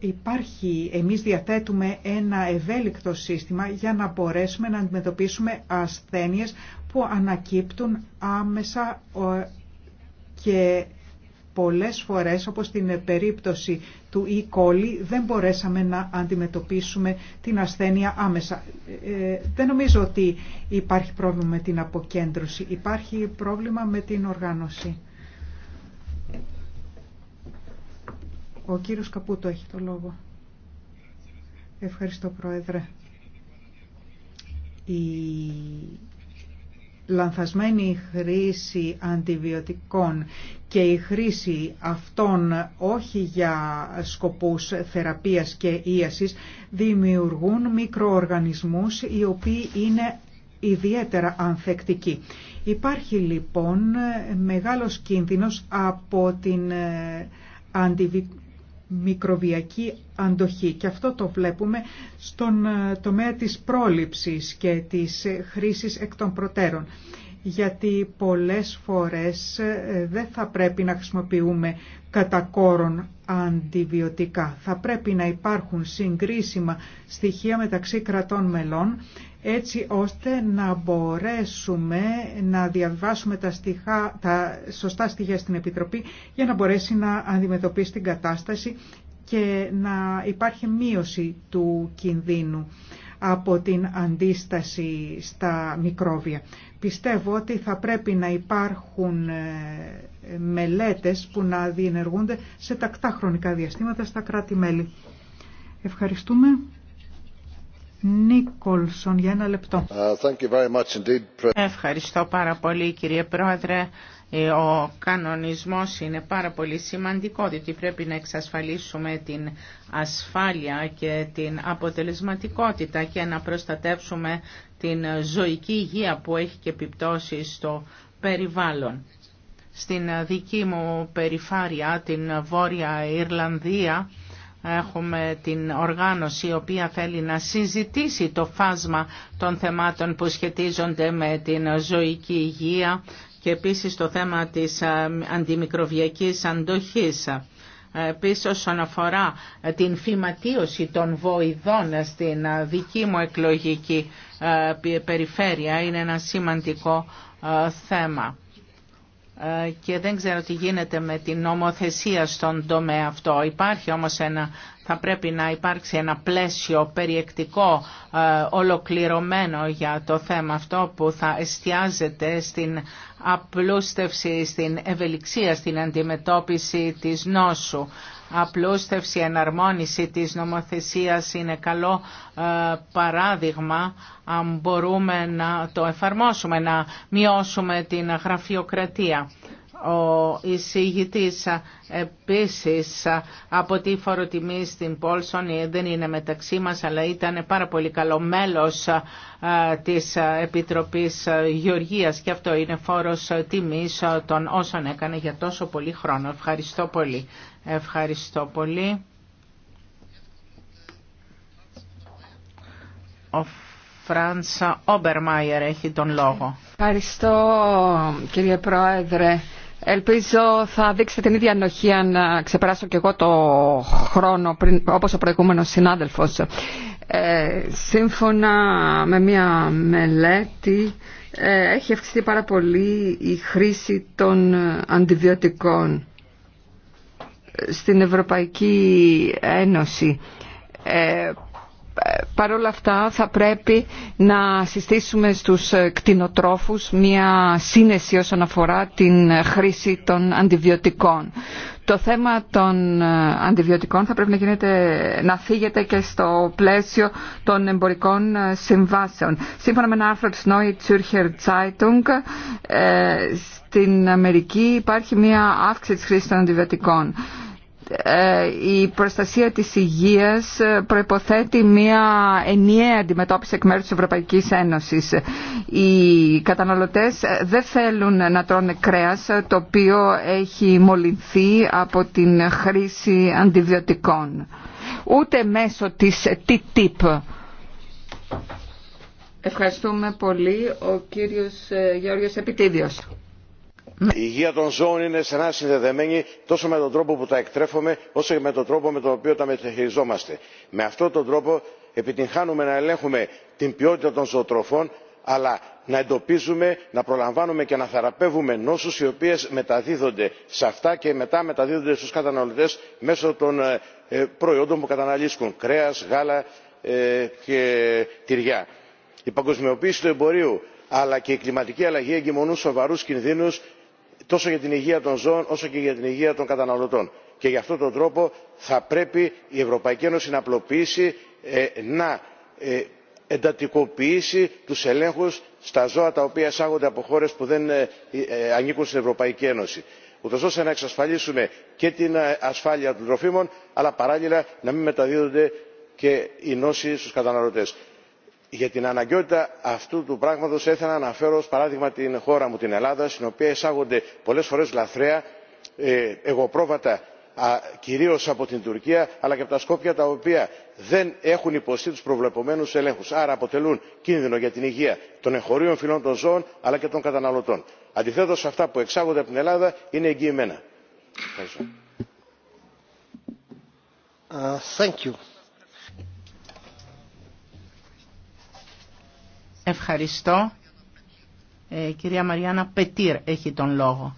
Υπάρχει, εμείς διαθέτουμε ένα ευέλικτο σύστημα για να μπορέσουμε να αντιμετωπίσουμε ασθένειες που ανακύπτουν άμεσα και πολλές φορές, όπως στην περίπτωση του E. coli, δεν μπορέσαμε να αντιμετωπίσουμε την ασθένεια άμεσα. Ε, ε, δεν νομίζω ότι υπάρχει πρόβλημα με την αποκέντρωση, υπάρχει πρόβλημα με την οργάνωση. Ο κύριος Καπούτο έχει το λόγο. Ευχαριστώ, Πρόεδρε λανθασμένη χρήση αντιβιωτικών και η χρήση αυτών όχι για σκοπούς θεραπείας και ίασης δημιουργούν μικροοργανισμούς οι οποίοι είναι ιδιαίτερα ανθεκτικοί. Υπάρχει λοιπόν μεγάλος κίνδυνος από την ε, μικροβιακή αντοχή και αυτό το βλέπουμε στον ε, τομέα της πρόληψης και της ε, χρήσης εκ των προτέρων γιατί πολλές φορές ε, δεν θα πρέπει να χρησιμοποιούμε κατά κόρον αντιβιωτικά. Θα πρέπει να υπάρχουν συγκρίσιμα στοιχεία μεταξύ κρατών μελών έτσι ώστε να μπορέσουμε να διαβάσουμε τα, τα σωστά στοιχεία στην Επιτροπή για να μπορέσει να αντιμετωπίσει την κατάσταση και να υπάρχει μείωση του κινδύνου από την αντίσταση στα μικρόβια. Πιστεύω ότι θα πρέπει να υπάρχουν ε, μελέτες που να διενεργούνται σε τακτά χρονικά διαστήματα στα κράτη-μέλη. Ευχαριστούμε. Νίκολσον για ένα λεπτό. Uh, Ευχαριστώ πάρα πολύ κύριε Πρόεδρε. Ε, ο κανονισμός είναι πάρα πολύ σημαντικό διότι πρέπει να εξασφαλίσουμε την ασφάλεια και την αποτελεσματικότητα και να προστατεύσουμε την ζωική υγεία που έχει και επιπτώσει στο περιβάλλον. Στην δική μου περιφάρεια, την Βόρεια Ιρλανδία, έχουμε την οργάνωση η οποία θέλει να συζητήσει το φάσμα των θεμάτων που σχετίζονται με την ζωική υγεία και επίσης το θέμα της ε, αντιμικροβιακής αντοχής. Επίσης όσον αφορά την φυματίωση των βοηδών στην ε, δική μου εκλογική ε, περιφέρεια είναι ένα σημαντικό ε, θέμα και δεν ξέρω τι γίνεται με την νομοθεσία στον τομέα αυτό. Υπάρχει όμως ένα θα πρέπει να υπάρξει ένα πλαίσιο περιεκτικό ε, ολοκληρωμένο για το θέμα αυτό που θα εστιάζεται στην απλούστευση, στην ευελιξία, στην αντιμετώπιση της νόσου. Απλούστευση, εναρμόνιση της νομοθεσίας είναι καλό ε, παράδειγμα αν μπορούμε να το εφαρμόσουμε, να μειώσουμε την γραφειοκρατία. Ο εισηγητής επίσης από τη φοροτιμή στην Πόλσον ε, δεν είναι μεταξύ μας αλλά ήταν πάρα πολύ καλό μέλος ε, της Επιτροπής Γεωργίας και αυτό είναι φόρος τιμής των όσων έκανε για τόσο πολύ χρόνο. Ευχαριστώ πολύ. Ευχαριστώ πολύ. Ο Φράνσα Όμπερμαϊερ έχει τον λόγο. Ευχαριστώ κύριε Πρόεδρε. Ελπίζω θα δείξετε την ίδια ανοχή αν ξεπεράσω και εγώ το χρόνο πριν, όπως ο προηγούμενος συνάδελφος. Ε, σύμφωνα με μια μελέτη ε, έχει αυξηθεί πάρα πολύ η χρήση των ε, αντιβιωτικών στην Ευρωπαϊκή Ένωση όλα αυτά θα πρέπει να συστήσουμε στους κτηνοτρόφους μια σύνεση όσον αφορά την χρήση των αντιβιωτικών. Το θέμα των αντιβιωτικών θα πρέπει να, γίνεται, να θίγεται και στο πλαίσιο των εμπορικών συμβάσεων. Σύμφωνα με ένα άρθρο της Νόη Τσούρχερ Zeitung, ε, στην Αμερική υπάρχει μια αύξηση της χρήσης των αντιβιωτικών. Ε, η προστασία της υγείας ε, προϋποθέτει μια ενιαία αντιμετώπιση εκ μέρους της Ευρωπαϊκής Ένωσης. Οι καταναλωτές ε, δεν θέλουν να τρώνε κρέας το οποίο έχει μολυνθεί από την χρήση αντιβιωτικών. Ούτε μέσω της TTIP. Ευχαριστούμε πολύ. Ο κύριος Γεώργιος Επιτίδιος. Η υγεία των ζώων είναι στενά συνδεδεμένη τόσο με τον τρόπο που τα εκτρέφουμε όσο και με τον τρόπο με τον οποίο τα μεταχειριζόμαστε. Με αυτόν τον τρόπο επιτυγχάνουμε να ελέγχουμε την ποιότητα των ζωοτροφών αλλά να εντοπίζουμε, να προλαμβάνουμε και να θεραπεύουμε νόσους οι οποίες μεταδίδονται σε αυτά και μετά μεταδίδονται στους καταναλωτές μέσω των ε, ε, προϊόντων που καταναλύσκουν κρέας, γάλα ε, και τυριά. Η παγκοσμιοποίηση του εμπορίου αλλά και η κλιματική αλλαγή εγκυμονούν σοβαρούς κινδύνους τόσο για την υγεία των ζώων όσο και για την υγεία των καταναλωτών. Και γι' αυτόν τον τρόπο θα πρέπει η Ευρωπαϊκή Ένωση να απλοποιήσει, ε, να ε, εντατικοποιήσει τους ελέγχους στα ζώα τα οποία εισάγονται από χώρες που δεν ε, ανήκουν στην Ευρωπαϊκή Ένωση ούτως ώστε να εξασφαλίσουμε και την ασφάλεια των τροφίμων αλλά παράλληλα να μην μεταδίδονται και οι νόσοι στους καταναλωτές για την αναγκαιότητα αυτού του πράγματος θα να αναφέρω ως παράδειγμα την χώρα μου την ελλάδα στην οποία εισάγονται πολλές φορές λαθρέα ε, εγωπρόβατα κυρίως από την τουρκία αλλά και από τα σκόπια τα οποία δεν έχουν υποστεί τους προβλεπόμενους ελέγχους άρα αποτελούν κίνδυνο για την υγεία των εγχωρίων φυλών των ζώων αλλά και των καταναλωτών. αντιθέτως αυτά που εξάγονται από την ελλάδα είναι εγγυημένα. Ευχαριστώ. Uh, Ευχαριστώ. Ε, κυρία Μαριάννα Πετήρ έχει τον λόγο.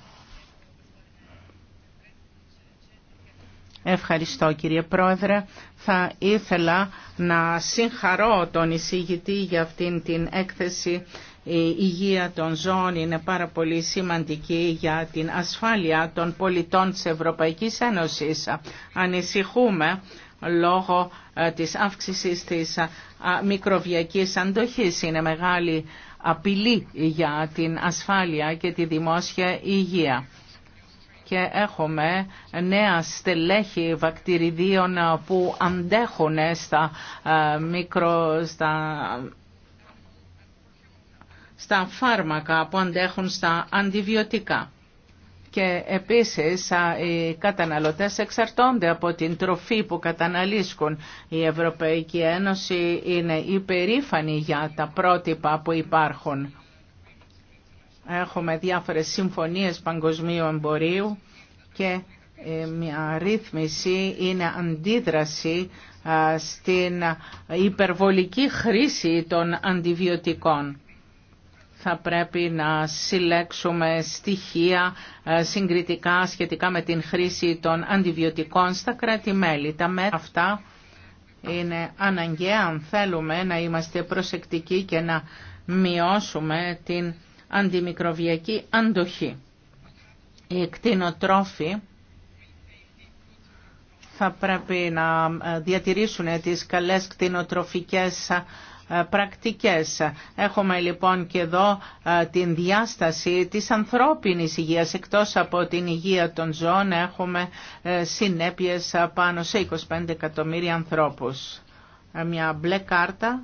Ευχαριστώ κύριε Πρόεδρε. Θα ήθελα να συγχαρώ τον εισηγητή για αυτήν την έκθεση. Η υγεία των ζώων είναι πάρα πολύ σημαντική για την ασφάλεια των πολιτών της Ευρωπαϊκής Ένωσης. Ανησυχούμε λόγω ε, της αύξησης της ε, μικροβιακής αντοχής. Είναι μεγάλη απειλή για την ασφάλεια και τη δημόσια υγεία. Και έχουμε νέα στελέχη βακτηριδίων ε, που αντέχουν στα, μικρο, στα, στα φάρμακα, που αντέχουν στα αντιβιωτικά και επίσης οι καταναλωτές εξαρτώνται από την τροφή που καταναλύσκουν. Η Ευρωπαϊκή Ένωση είναι υπερήφανη για τα πρότυπα που υπάρχουν. Έχουμε διάφορες συμφωνίες παγκοσμίου εμπορίου και ε, μια ρύθμιση είναι αντίδραση στην υπερβολική χρήση των αντιβιωτικών θα πρέπει να συλλέξουμε στοιχεία ε, συγκριτικά σχετικά με την χρήση των αντιβιωτικών στα κράτη-μέλη. Τα μέτρα αυτά είναι αναγκαία αν θέλουμε να είμαστε προσεκτικοί και να μειώσουμε την αντιμικροβιακή αντοχή. Οι εκτινοτρόφοι θα πρέπει να ε, διατηρήσουν τις καλές κτηνοτροφικές ε, ε, πρακτικές. Έχουμε λοιπόν και εδώ ε, την διάσταση της ανθρώπινης υγείας. Εκτός από την υγεία των ζώων έχουμε ε, συνέπειες πάνω σε 25 εκατομμύρια ανθρώπους. Μια μπλε κάρτα.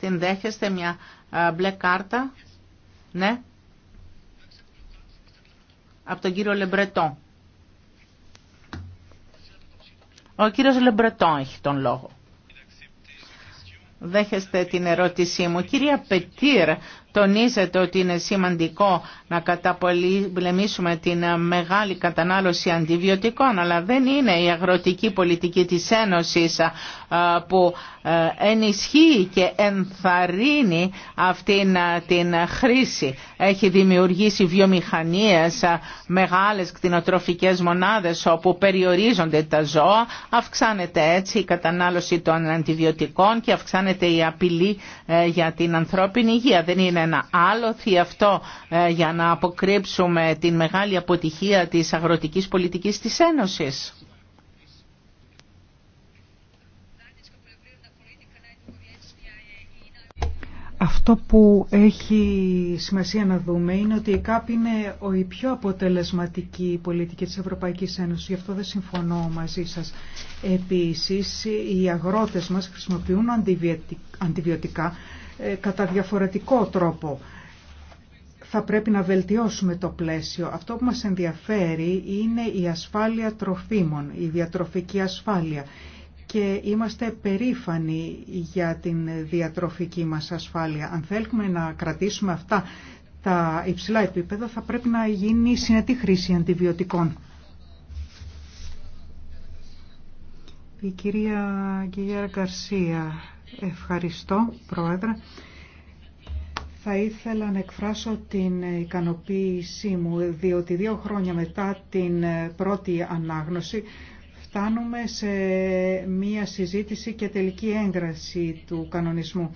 Την δέχεστε μια μπλε κάρτα. Ναι. Από τον κύριο Λεμπρετό. Ο κύριος Λεμπρετό έχει τον λόγο. Δέχεστε την ερώτησή μου. Κυρία Πετήρ, Τονίζεται ότι είναι σημαντικό να καταπολεμήσουμε την μεγάλη κατανάλωση αντιβιωτικών, αλλά δεν είναι η αγροτική πολιτική της Ένωσης που ενισχύει και ενθαρρύνει αυτήν την χρήση. Έχει δημιουργήσει βιομηχανίες, μεγάλες κτηνοτροφικές μονάδες όπου περιορίζονται τα ζώα. Αυξάνεται έτσι η κατανάλωση των αντιβιωτικών και αυξάνεται η απειλή ε, για την ανθρώπινη υγεία. Δεν είναι ένα άλοθη αυτό ε, για να αποκρύψουμε την μεγάλη αποτυχία της αγροτικής πολιτικής της Ένωσης. Αυτό που έχει σημασία να δούμε είναι ότι η ΚΑΠ είναι η πιο αποτελεσματική πολιτική της Ευρωπαϊκής Ένωσης. Γι' αυτό δεν συμφωνώ μαζί σας. Επίσης, οι αγρότες μας χρησιμοποιούν αντιβιωτικά ε, κατά διαφορετικό τρόπο. Θα πρέπει να βελτιώσουμε το πλαίσιο. Αυτό που μας ενδιαφέρει είναι η ασφάλεια τροφίμων, η διατροφική ασφάλεια και είμαστε περήφανοι για την διατροφική μας ασφάλεια. Αν θέλουμε να κρατήσουμε αυτά τα υψηλά επίπεδα θα πρέπει να γίνει συνετή χρήση αντιβιωτικών. Η κυρία Ευχαριστώ, Πρόεδρε. Θα ήθελα να εκφράσω την ικανοποίησή μου, διότι δύο χρόνια μετά την πρώτη ανάγνωση φτάνουμε σε μία συζήτηση και τελική έγκραση του κανονισμού.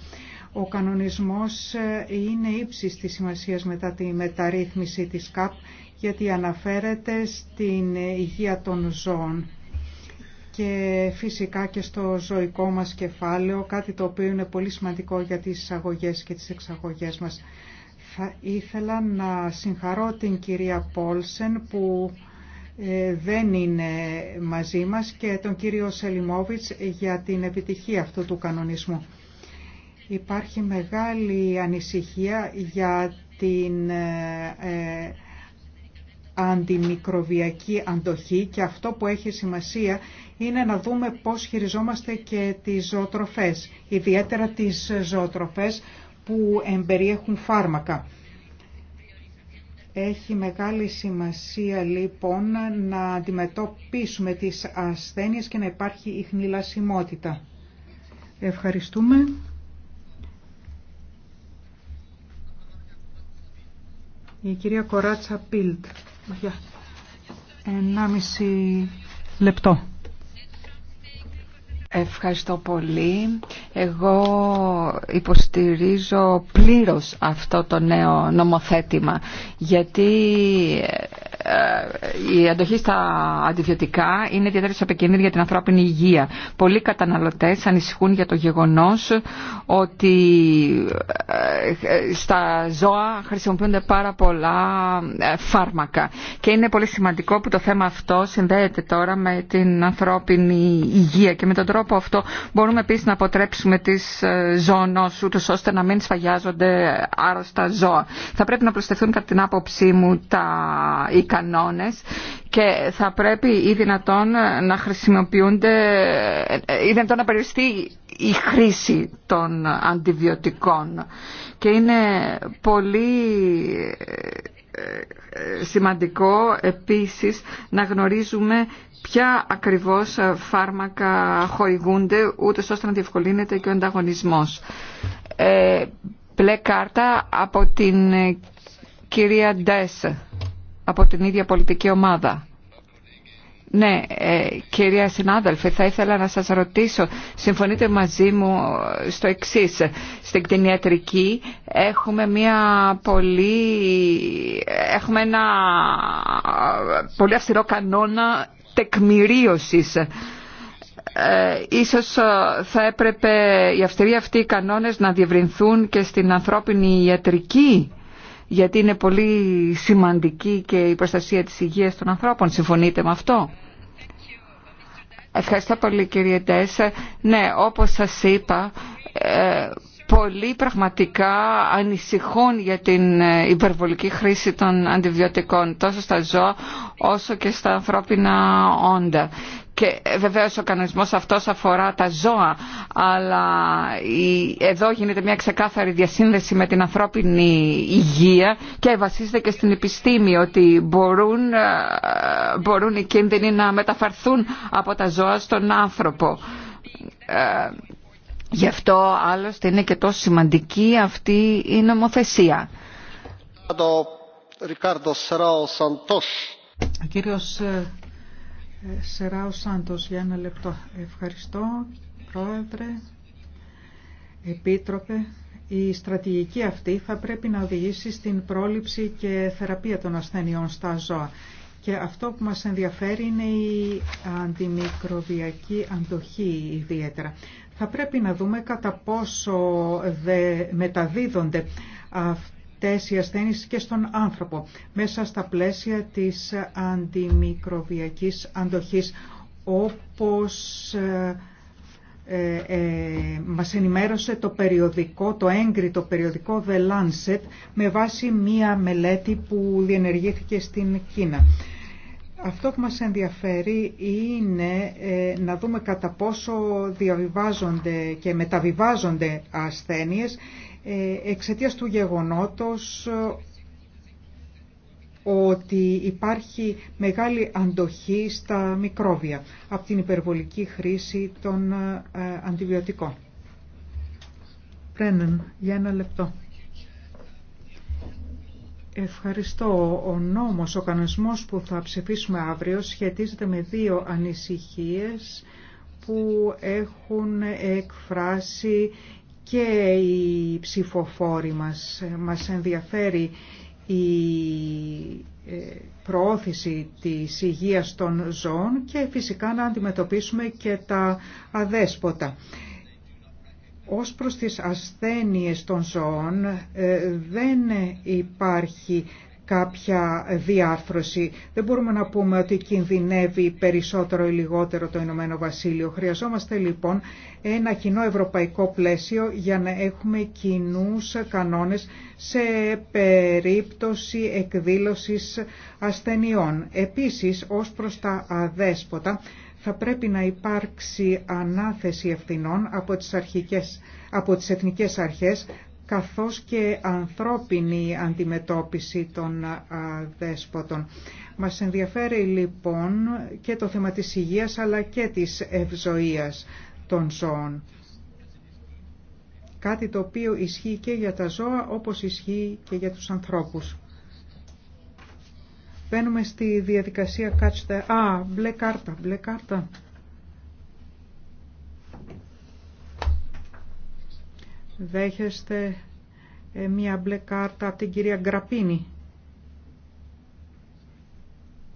Ο κανονισμός είναι ύψης της σημασίας μετά τη μεταρρύθμιση της ΚΑΠ γιατί αναφέρεται στην υγεία των ζώων και φυσικά και στο ζωικό μας κεφάλαιο, κάτι το οποίο είναι πολύ σημαντικό για τις εισαγωγές και τις εξαγωγές μας. Θα ήθελα να συγχαρώ την κυρία Πόλσεν που ε, δεν είναι μαζί μας και τον κύριο Σελιμόβιτς για την επιτυχία αυτού του κανονισμού. Υπάρχει μεγάλη ανησυχία για την ε, ε, αντιμικροβιακή αντοχή και αυτό που έχει σημασία είναι να δούμε πώς χειριζόμαστε και τις ζωοτροφές, ιδιαίτερα τις ζωοτροφές που εμπεριέχουν φάρμακα. Έχει μεγάλη σημασία λοιπόν να αντιμετωπίσουμε τις ασθένειες και να υπάρχει ιχνηλασιμότητα. Ευχαριστούμε. Η κυρία Κοράτσα Πίλτ. 1,5 λεπτό. Ευχαριστώ πολύ. Εγώ υποστηρίζω πλήρως αυτό το νέο νομοθέτημα γιατί ε, ε, η αντοχή στα αντιβιωτικά είναι ιδιαίτερα επικίνδυνη για την ανθρώπινη υγεία. Πολλοί καταναλωτές ανησυχούν για το γεγονός ότι ε, στα ζώα χρησιμοποιούνται πάρα πολλά φάρμακα και είναι πολύ σημαντικό που το θέμα αυτό συνδέεται τώρα με την ανθρώπινη υγεία και με τον τρόπο τρόπο αυτό μπορούμε επίσης να αποτρέψουμε τις ε, ζώνες ούτως ώστε να μην σφαγιάζονται άρρωστα ζώα. Θα πρέπει να προσθεθούν κατά την άποψή μου τα... οι κανόνες και θα πρέπει ή δυνατόν να χρησιμοποιούνται, ε, ή δυνατόν να περιοριστεί η χρήση των αντιβιωτικών. Και είναι πολύ ε, σημαντικό επίσης να γνωρίζουμε ποια ακριβώς φάρμακα χορηγούνται ούτε ώστε να διευκολύνεται και ο ανταγωνισμός. Ε, κάρτα από την κυρία Ντέσ, από την ίδια πολιτική ομάδα. Ναι, ε, κυρία συνάδελφε, θα ήθελα να σας ρωτήσω, συμφωνείτε μαζί μου στο εξής. Στην κτηνιατρική έχουμε, μια πολύ, έχουμε ένα πολύ αυστηρό κανόνα τεκμηρίωσης. Ε, ίσως ε, θα έπρεπε οι αυστηροί αυτοί οι κανόνες να διευρυνθούν και στην ανθρώπινη ιατρική γιατί είναι πολύ σημαντική και η προστασία της υγείας των ανθρώπων. Συμφωνείτε με αυτό. Ευχαριστώ πολύ κύριε Τέσσε. Ναι, όπως σας είπα, ε, πολύ πραγματικά ανησυχούν για την ε, υπερβολική χρήση των αντιβιωτικών τόσο στα ζώα όσο και στα ανθρώπινα όντα και ε, βεβαίως ο κανονισμός αυτός αφορά τα ζώα αλλά εδώ γίνεται μια ξεκάθαρη διασύνδεση με την ανθρώπινη υγεία και βασίζεται και στην επιστήμη ότι μπορούν, ε, μπορούν οι κίνδυνοι να μεταφερθούν από τα ζώα στον άνθρωπο. Ε, γι' αυτό άλλωστε είναι και τόσο σημαντική αυτή η νομοθεσία. κύριος Σεράου Σάντος για ένα λεπτό. Ευχαριστώ, Πρόεδρε, Επίτροπε. Η στρατηγική αυτή θα πρέπει να οδηγήσει στην πρόληψη και θεραπεία των ασθενειών στα ζώα. Και αυτό που μας ενδιαφέρει είναι η αντιμικροβιακή αντοχή ιδιαίτερα. Θα πρέπει να δούμε κατά πόσο δε μεταδίδονται αυτά αυτές και στον άνθρωπο μέσα στα πλαίσια της αντιμικροβιακής αντοχής όπως ε, ε, ε, μας ενημέρωσε το περιοδικό, το έγκριτο περιοδικό The Lancet με βάση μία μελέτη που διενεργήθηκε στην Κίνα. Αυτό που μας ενδιαφέρει είναι ε, να δούμε κατά πόσο διαβιβάζονται και μεταβιβάζονται ασθένειες ε, εξαιτίας του γεγονότος ε, ότι υπάρχει μεγάλη αντοχή στα μικρόβια από την υπερβολική χρήση των ε, αντιβιωτικών. Πρέναν, για ένα λεπτό. Ευχαριστώ. Ο νόμος, ο κανονισμός που θα ψηφίσουμε αύριο σχετίζεται με δύο ανησυχίες που έχουν εκφράσει και οι ψηφοφόροι μας. Μας ενδιαφέρει η ε, προώθηση της υγείας των ζώων και φυσικά να αντιμετωπίσουμε και τα αδέσποτα. Ως προς τις ασθένειες των ζώων ε, δεν υπάρχει κάποια διάρθρωση. Δεν μπορούμε να πούμε ότι κινδυνεύει περισσότερο ή λιγότερο το Ηνωμένο Βασίλειο. Χρειαζόμαστε λοιπόν ένα κοινό ευρωπαϊκό πλαίσιο για να έχουμε κοινού κανόνες σε περίπτωση εκδήλωσης ασθενειών. Επίσης, ως προς τα αδέσποτα, θα πρέπει να υπάρξει ανάθεση ευθυνών από τις, αρχικές, από τις εθνικές αρχές καθώς και ανθρώπινη αντιμετώπιση των δέσποτων. Μας ενδιαφέρει λοιπόν και το θέμα της υγείας αλλά και της ευζοίας των ζώων. Κάτι το οποίο ισχύει και για τα ζώα όπως ισχύει και για τους ανθρώπους. Μπαίνουμε στη διαδικασία catch Α, μπλε κάρτα, μπλε κάρτα. Δέχεστε ε, μία μπλε κάρτα από την κυρία Γκραπίνη.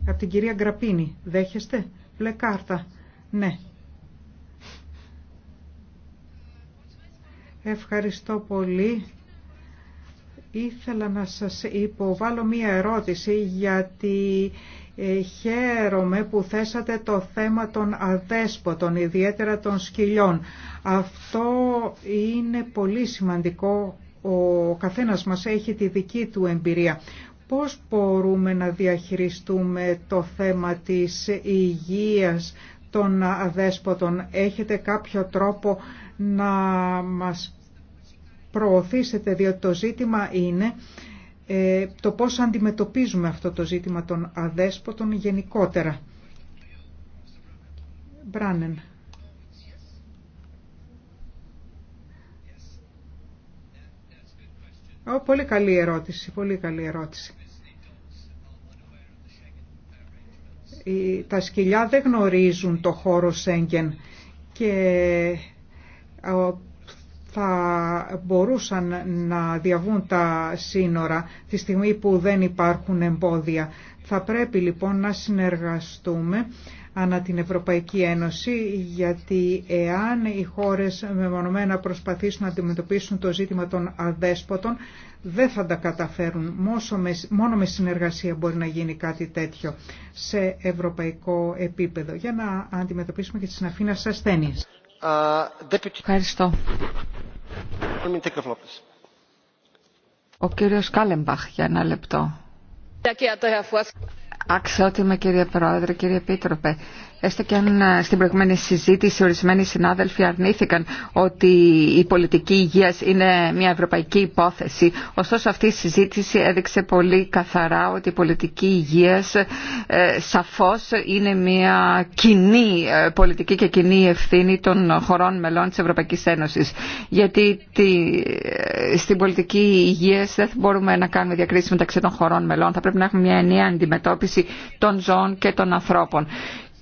Από την κυρία Γκραπίνη. Δέχεστε μπλε κάρτα. Ναι. Ευχαριστώ πολύ. Ήθελα να σας υποβάλω μία ερώτηση γιατί ε, χαίρομαι που θέσατε το θέμα των αδέσποτων, ιδιαίτερα των σκυλιών. Αυτό είναι πολύ σημαντικό. Ο καθένας μας έχει τη δική του εμπειρία. Πώς μπορούμε να διαχειριστούμε το θέμα της υγείας των αδέσποτων. Έχετε κάποιο τρόπο να μας προωθήσετε, διότι το ζήτημα είναι ε, το πώς αντιμετωπίζουμε αυτό το ζήτημα των αδέσποτων γενικότερα. Μπράνεν. πολύ καλή ερώτηση, πολύ καλή ερώτηση. Τα σκυλιά δεν γνωρίζουν το χώρο Σέγγεν και θα μπορούσαν να διαβούν τα σύνορα τη στιγμή που δεν υπάρχουν εμπόδια. Θα πρέπει λοιπόν να συνεργαστούμε ανά την Ευρωπαϊκή Ένωση γιατί εάν οι χώρες μεμονωμένα προσπαθήσουν να αντιμετωπίσουν το ζήτημα των αδέσποτων δεν θα τα καταφέρουν. Μόνο με συνεργασία μπορεί να γίνει κάτι τέτοιο σε ευρωπαϊκό επίπεδο για να αντιμετωπίσουμε και τις συναφήνες ασθένειες. Uh, Ευχαριστώ. Ο κύριος Κάλεμπαχ για ένα λεπτό. Αξιότιμα κύριε Πρόεδρε, κύριε Επίτροπε, Έστω και αν ε, στην προηγούμενη συζήτηση ορισμένοι συνάδελφοι αρνήθηκαν ότι η πολιτική υγεία είναι μια ευρωπαϊκή υπόθεση, ωστόσο αυτή η συζήτηση έδειξε πολύ καθαρά ότι η πολιτική υγεία ε, σαφώ είναι μια κοινή ε, πολιτική και κοινή ευθύνη των χωρών μελών τη Ευρωπαϊκή Ένωση. Γιατί στην πολιτική υγεία δεν μπορούμε να κάνουμε διακρίσει μεταξύ των χωρών μελών. Θα πρέπει να έχουμε μια ενιαία αντιμετώπιση των ζώων και των ανθρώπων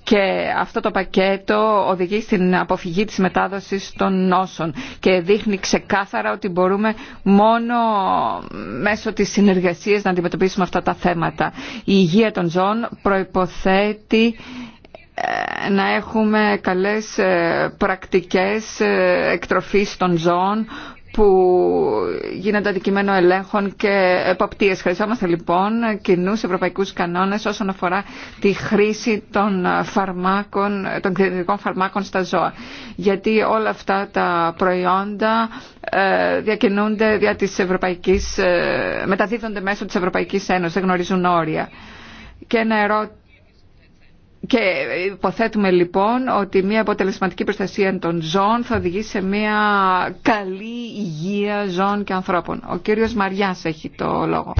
και αυτό το πακέτο οδηγεί στην αποφυγή της μετάδοσης των νόσων και δείχνει ξεκάθαρα ότι μπορούμε μόνο μέσω της συνεργασίας να αντιμετωπίσουμε αυτά τα θέματα. Η υγεία των ζώων προϋποθέτει ε, να έχουμε καλές ε, πρακτικές ε, εκτροφής των ζώων που γίνεται αντικείμενο ελέγχων και εποπτείες. Χρειαζόμαστε λοιπόν κοινούς ευρωπαϊκούς κανόνες όσον αφορά τη χρήση των φαρμάκων, των κτηνικών φαρμάκων στα ζώα. Γιατί όλα αυτά τα προϊόντα ε, διακινούνται δια της Ευρωπαϊκής, ε, μεταδίδονται μέσω της Ευρωπαϊκής Ένωσης, δεν γνωρίζουν όρια. Και ένα ερώτημα και υποθέτουμε λοιπόν ότι μια αποτελεσματική προστασία των ζώων θα οδηγήσει σε μια καλή υγεία ζώων και ανθρώπων. Ο κύριος Μαριάς έχει το λόγο.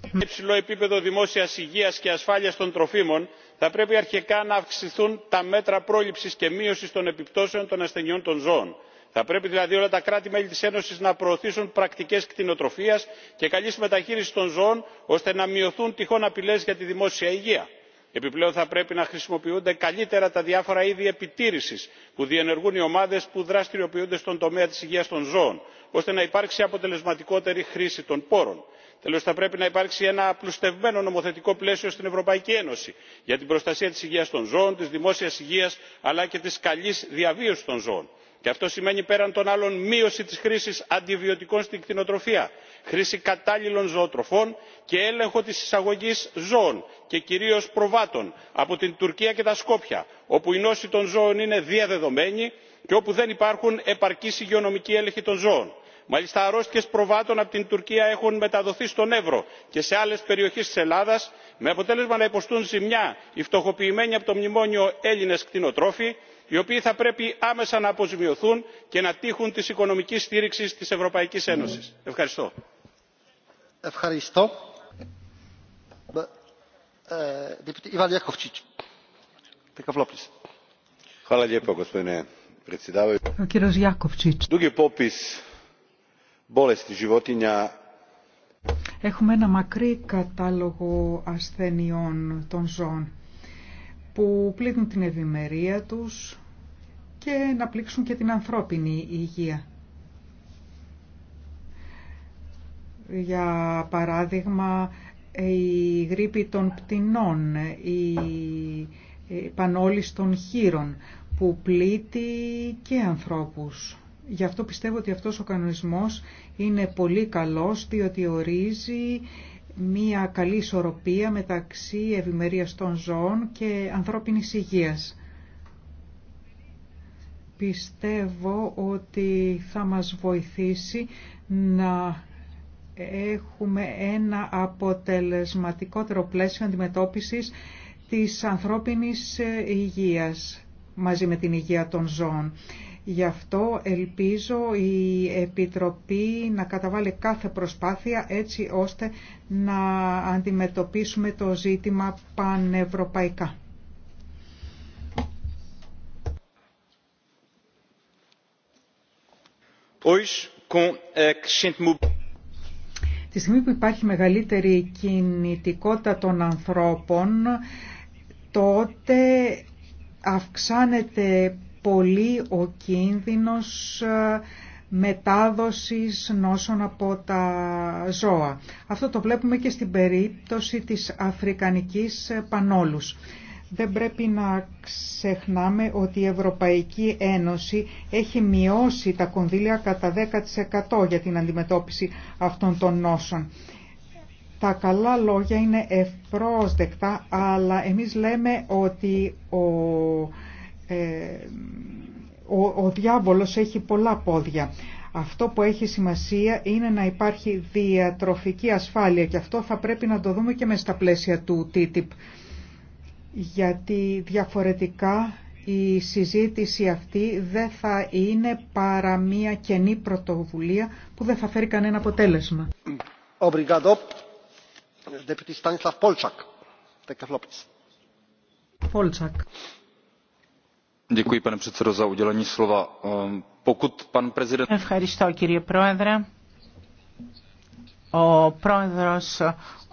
Σε υψηλό επίπεδο δημόσιας υγείας και ασφάλειας των τροφίμων θα πρέπει αρχικά να αυξηθούν τα μέτρα πρόληψης και μείωσης των επιπτώσεων των ασθενειών των ζώων. Θα πρέπει δηλαδή όλα τα κράτη-μέλη της Ένωσης να προωθήσουν πρακτικές κτηνοτροφίας και καλής μεταχείρισης των ζώων ώστε να μειωθούν τυχόν απειλές για τη δημόσια υγεία επιπλέον θα πρέπει να χρησιμοποιούνται καλύτερα τα διάφορα είδη επιτήρηση που διενεργούν οι ομάδε που δραστηριοποιούνται στον τομέα τη υγεία των ζώων ώστε να υπάρξει αποτελεσματικότερη χρήση των πόρων. Τέλο θα πρέπει να υπάρξει ένα απλουστευμένο νομοθετικό πλαίσιο στην ευρωπαϊκή ένωση για την προστασία τη υγεία των ζώων τη δημόσια υγεία, αλλά και τη καλή διαβίωση των ζώων και αυτό σημαίνει πέραν των άλλων μείωση τη χρήση αντιβιωτικών στην κτηνοτροφία χρήση κατάλληλων ζωοτροφών και έλεγχο της εισαγωγής ζώων και κυρίως προβάτων από την τουρκία και τα σκόπια όπου η νόση των ζώων είναι διαδεδομένη και όπου δεν υπάρχουν επαρκείς υγειονομικοί έλεγχοι των ζώων. μάλιστα αρρώστιες προβάτων από την τουρκία έχουν μεταδοθεί στον εύρο και σε άλλες περιοχές της ελλάδας με αποτέλεσμα να υποστούν ζημιά οι φτωχοποιημένοι από το μνημόνιο έλληνες κτηνοτρόφοι οι οποίοι θα πρέπει άμεσα να αποζημιωθούν και να τύχουν της οικονομικής στήριξης της ευρωπαϊκής ένωσης. ευχαριστώ. Ε, gospodine predsjedavajući dugi popis bolesti životinja Έχουμε ένα μακρύ κατάλογο ασθενειών των ζώων που πλήττουν την ευημερία τους και να πλήξουν και την ανθρώπινη υγεία. Για παράδειγμα, η γρήπη των πτηνών, η πανόλης των χείρων που πλήττει και ανθρώπους. Γι' αυτό πιστεύω ότι αυτός ο κανονισμός είναι πολύ καλός διότι ορίζει μία καλή ισορροπία μεταξύ ευημερίας των ζώων και ανθρώπινης υγείας. Πιστεύω ότι θα μας βοηθήσει να έχουμε ένα αποτελεσματικότερο πλαίσιο αντιμετώπισης της ανθρώπινης ε, υγείας μαζί με την υγεία των ζώων. Γι' αυτό ελπίζω η Επιτροπή να καταβάλει κάθε προσπάθεια έτσι ώστε να αντιμετωπίσουμε το ζήτημα πανευρωπαϊκά. Ε, Τη στιγμή που υπάρχει μεγαλύτερη κινητικότητα των ανθρώπων, τότε αυξάνεται πολύ ο κίνδυνος ε, μετάδοσης νόσων από τα ζώα. Αυτό το βλέπουμε και στην περίπτωση της Αφρικανικής Πανόλους. Δεν πρέπει να ξεχνάμε ότι η Ευρωπαϊκή Ένωση έχει μειώσει τα κονδύλια κατά 10% για την αντιμετώπιση αυτών των νόσων. Τα καλά λόγια είναι ευπρόσδεκτα, αλλά εμείς λέμε ότι ε, ο, διάβολος έχει πολλά πόδια. Αυτό που έχει σημασία είναι να υπάρχει διατροφική ασφάλεια και αυτό θα πρέπει να το δούμε και με στα πλαίσια του TTIP γιατί διαφορετικά η συζήτηση αυτή δεν θα είναι παρά μία κενή πρωτοβουλία που δεν θα φέρει κανένα αποτέλεσμα. Ευχαριστώ κύριε Πρόεδρε. Ο πρόεδρος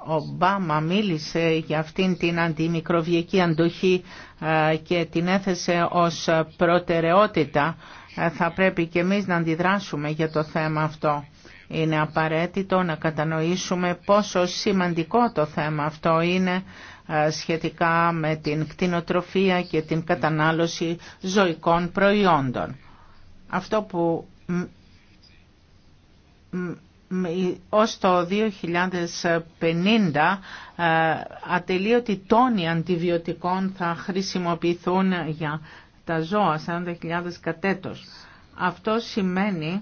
Ομπάμα μίλησε για αυτήν την αντιμικροβιακή αντοχή ε, και την έθεσε ως προτεραιότητα. Ε, θα πρέπει και εμείς να αντιδράσουμε για το θέμα αυτό. Είναι απαραίτητο να κατανοήσουμε πόσο σημαντικό το θέμα αυτό είναι ε, σχετικά με την κτηνοτροφία και την κατανάλωση ζωικών προϊόντων. Αυτό που ως το 2050 ε, ατελείωτη τόνοι αντιβιωτικών θα χρησιμοποιηθούν για τα ζώα, 40.000 κατέτος. Αυτό σημαίνει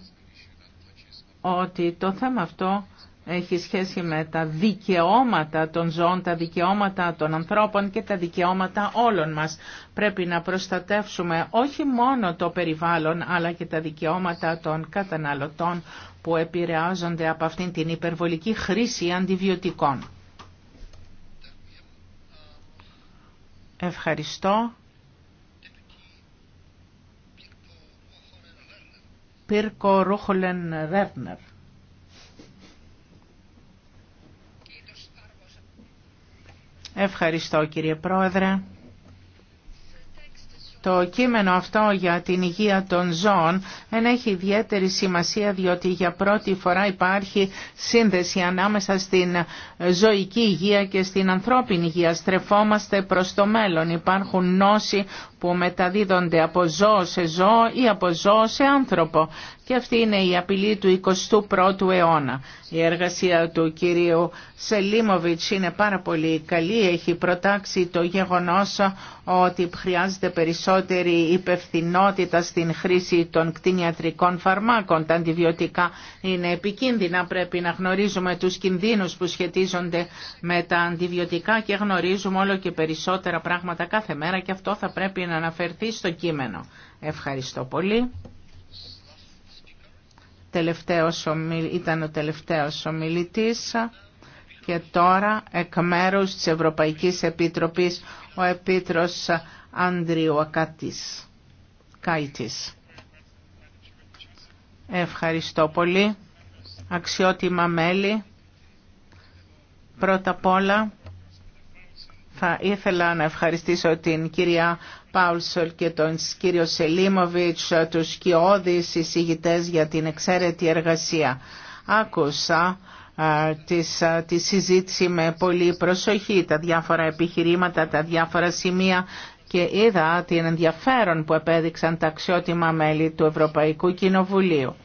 ότι το θέμα αυτό έχει σχέση με τα δικαιώματα των ζώων, τα δικαιώματα των ανθρώπων και τα δικαιώματα όλων μας. Πρέπει να προστατεύσουμε όχι μόνο το περιβάλλον αλλά και τα δικαιώματα των καταναλωτών που επηρεάζονται από αυτήν την υπερβολική χρήση αντιβιωτικών. Ευχαριστώ. Πίρκο Ρούχολεν Ρέρνερ. Ευχαριστώ κύριε Πρόεδρε. Το κείμενο αυτό για την υγεία των ζώων ενέχει ιδιαίτερη σημασία διότι για πρώτη φορά υπάρχει σύνδεση ανάμεσα στην ζωική υγεία και στην ανθρώπινη υγεία. Στρεφόμαστε προς το μέλλον. Υπάρχουν νόσοι που μεταδίδονται από ζώο σε ζώο ή από ζώο σε άνθρωπο. Και αυτή είναι η απειλή του 21ου αιώνα. Η εργασία του κυρίου Σελίμοβιτς είναι πάρα πολύ καλή. Έχει προτάξει το γεγονός ότι χρειάζεται περισσότερη υπευθυνότητα στην χρήση των κτηνιατρικών φαρμάκων. Τα αντιβιωτικά είναι επικίνδυνα. Πρέπει να γνωρίζουμε τους κινδύνους που σχετίζονται με τα αντιβιωτικά και γνωρίζουμε όλο και περισσότερα πράγματα κάθε μέρα και αυτό θα πρέπει να αναφερθεί στο κείμενο. Ευχαριστώ πολύ. Τελευταίος Ήταν ο τελευταίος ομιλητής και τώρα εκ μέρους της Ευρωπαϊκής Επίτροπης ο Επίτρος Άντριου Ακάτης. Κάιτης. Ευχαριστώ πολύ. Αξιότιμα μέλη. Πρώτα απ' όλα θα ήθελα να ευχαριστήσω την κυρία Πάουλσολ και τον κύριο Σελίμοβιτς, ε, τους κοιόδης εισηγητές για την εξαίρετη εργασία. Άκουσα ε, ε, τη συζήτηση με πολύ προσοχή, τα διάφορα επιχειρήματα, τα διάφορα σημεία και είδα την ενδιαφέρον που επέδειξαν τα αξιότιμα μέλη του Ευρωπαϊκού Κοινοβουλίου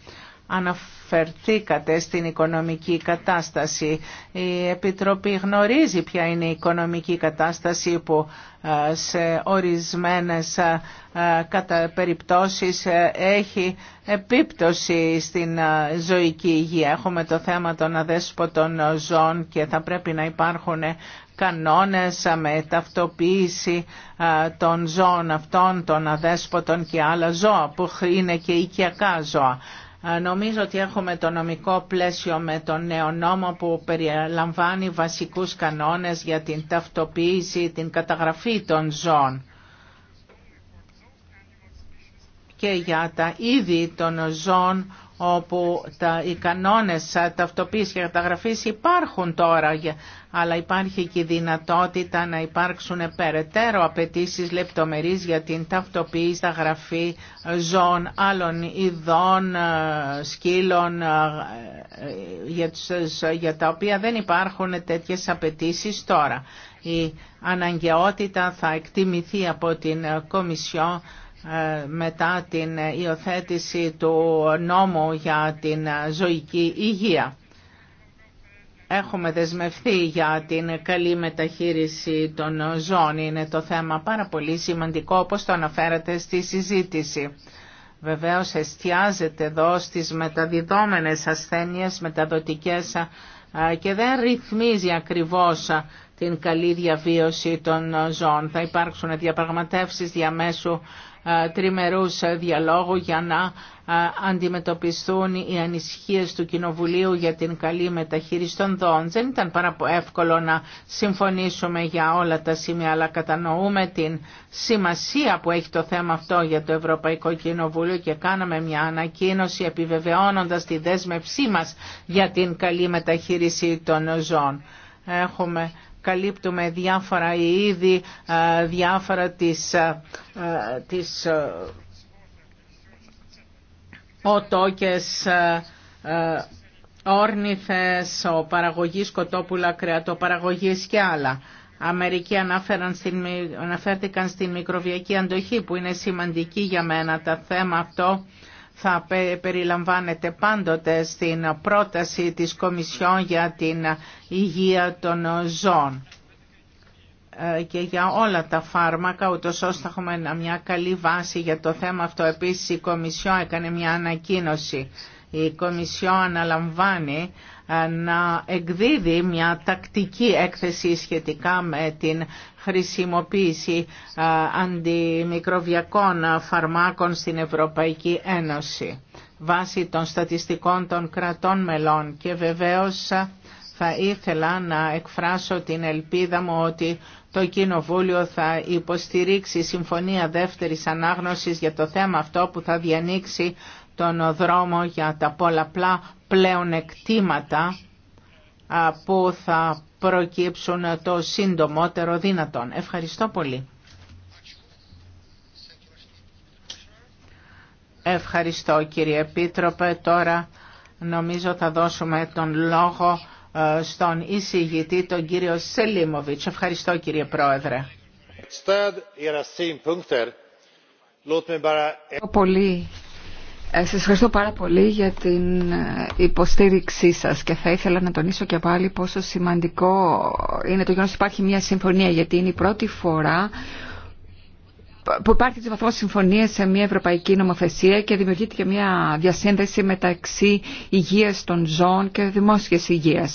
αναφερθήκατε στην οικονομική κατάσταση. Η Επιτροπή γνωρίζει ποια είναι η οικονομική κατάσταση που ε, σε ορισμένες ε, ε, περιπτώσεις έχει επίπτωση στην ζωική υγεία. Έχουμε το θέμα των αδέσποτων ζώων και θα πρέπει να υπάρχουν κανόνες με ταυτοποίηση των ζώων αυτών, των αδέσποτων και άλλα ζώα που είναι και οικιακά ζώα. Νομίζω ότι έχουμε το νομικό πλαίσιο με τον νέο νόμο που περιλαμβάνει βασικούς κανόνες για την ταυτοποίηση, την καταγραφή των ζώων και για τα είδη των ζώων όπου τα, οι κανόνες ταυτοποίησης και καταγραφής υπάρχουν τώρα, αλλά υπάρχει και η δυνατότητα να υπάρξουν περαιτέρω απαιτήσει λεπτομερείς για την ταυτοποίηση, τα γραφή ζώων, άλλων ειδών, ε, σκύλων, ε, ε, για, για τα οποία δεν υπάρχουν τέτοιες απαιτήσει τώρα. Η αναγκαιότητα θα εκτιμηθεί από την Κομισιό ε, μετά την υιοθέτηση του νόμου για την ζωική υγεία. Έχουμε δεσμευθεί για την καλή μεταχείριση των ζώων. Είναι το θέμα πάρα πολύ σημαντικό όπως το αναφέρατε στη συζήτηση. Βεβαίως εστιάζεται εδώ στις μεταδιδόμενες ασθένειες, μεταδοτικές ε, και δεν ρυθμίζει ακριβώς ε, την καλή διαβίωση των ζώων. Θα υπάρξουν διαπραγματεύσεις διαμέσου ε, τριμερούς ε, διαλόγου για να ε, αντιμετωπιστούν οι ανησυχίες του Κοινοβουλίου για την καλή μεταχείριση των δόντων. Δεν ήταν πάρα εύκολο να συμφωνήσουμε για όλα τα σημεία, αλλά κατανοούμε την σημασία που έχει το θέμα αυτό για το Ευρωπαϊκό Κοινοβούλιο και κάναμε μια ανακοίνωση επιβεβαιώνοντας τη δέσμευσή μας για την καλή μεταχείριση των ζώων. Έχουμε καλύπτουμε διάφορα είδη, διάφορα της, της οτόκες, όρνηθες, ο παραγωγής κοτόπουλα, κρεατοπαραγωγής και άλλα. Αμερικοί στην, αναφέρθηκαν στην μικροβιακή αντοχή που είναι σημαντική για μένα τα θέμα αυτό θα περιλαμβάνεται πάντοτε στην πρόταση της Κομισιόν για την υγεία των ζώων ε, και για όλα τα φάρμακα, ούτω ώστε θα έχουμε μια καλή βάση για το θέμα αυτό. Επίσης η Κομισιόν έκανε μια ανακοίνωση. Η Κομισιόν αναλαμβάνει ε, να εκδίδει μια τακτική έκθεση σχετικά με την χρησιμοποίηση αντιμικροβιακών φαρμάκων στην Ευρωπαϊκή Ένωση βάσει των στατιστικών των κρατών μελών και βεβαίως θα ήθελα να εκφράσω την ελπίδα μου ότι το Κοινοβούλιο θα υποστηρίξει συμφωνία δεύτερης ανάγνωσης για το θέμα αυτό που θα διανοίξει τον δρόμο για τα πολλαπλά πλέον εκτήματα που θα προκύψουν το σύντομότερο δυνατόν. Ευχαριστώ πολύ. Ευχαριστώ κύριε Επίτροπε. Τώρα νομίζω θα δώσουμε τον λόγο ε, στον εισηγητή τον κύριο Σελίμοβιτς. Ευχαριστώ κύριε Πρόεδρε. Πολύ ε, σας ευχαριστώ πάρα πολύ για την ε, υποστήριξή σας και θα ήθελα να τονίσω και πάλι πόσο σημαντικό είναι το γεγονός ότι υπάρχει μια συμφωνία γιατί είναι η πρώτη φορά που υπάρχει τη βαθμό συμφωνία σε μια ευρωπαϊκή νομοθεσία και δημιουργείται και μια διασύνδεση μεταξύ υγεία των ζώων και δημόσια υγεία.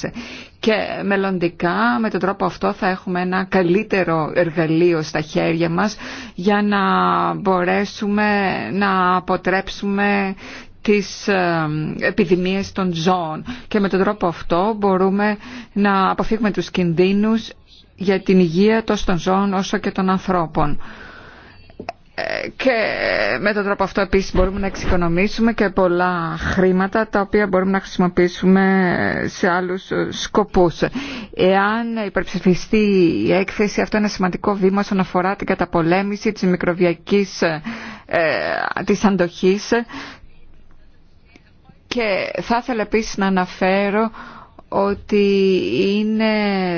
Και μελλοντικά με τον τρόπο αυτό θα έχουμε ένα καλύτερο εργαλείο στα χέρια μας για να μπορέσουμε να αποτρέψουμε τις ε, επιδημίες των ζώων. Και με τον τρόπο αυτό μπορούμε να αποφύγουμε τους κινδύνους για την υγεία τόσο των ζώων όσο και των ανθρώπων και με τον τρόπο αυτό επίσης μπορούμε να εξοικονομήσουμε και πολλά χρήματα τα οποία μπορούμε να χρησιμοποιήσουμε σε άλλους σκοπούς. Εάν υπερψηφιστεί η έκθεση, αυτό είναι σημαντικό βήμα όσον αφορά την καταπολέμηση της μικροβιακής ε, της αντοχής και θα ήθελα επίσης να αναφέρω ότι είναι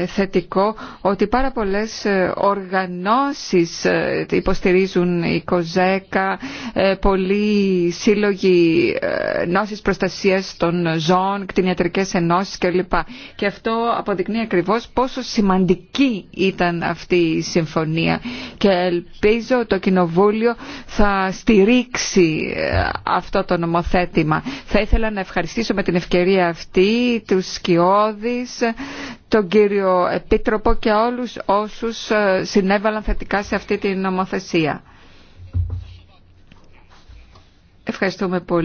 θετικό ότι πάρα πολλές ε, οργανώσεις ε, υποστηρίζουν η ΚΟΖΕΚΑ, ε, πολλοί σύλλογοι νόσης προστασίας των ζώων, κτηνιατρικές ενώσεις κλπ. Και αυτό αποδεικνύει ακριβώς πόσο σημαντική ήταν αυτή η συμφωνία και ελπίζω το Κοινοβούλιο θα στηρίξει αυτό το νομοθέτημα. Θα ήθελα να ευχαριστήσω με την ευκαιρία αυτή τους όδης, τον κύριο Επίτροπο και όλους όσους ε, συνέβαλαν θετικά σε αυτή την νομοθεσία. Ευχαριστούμε πολύ.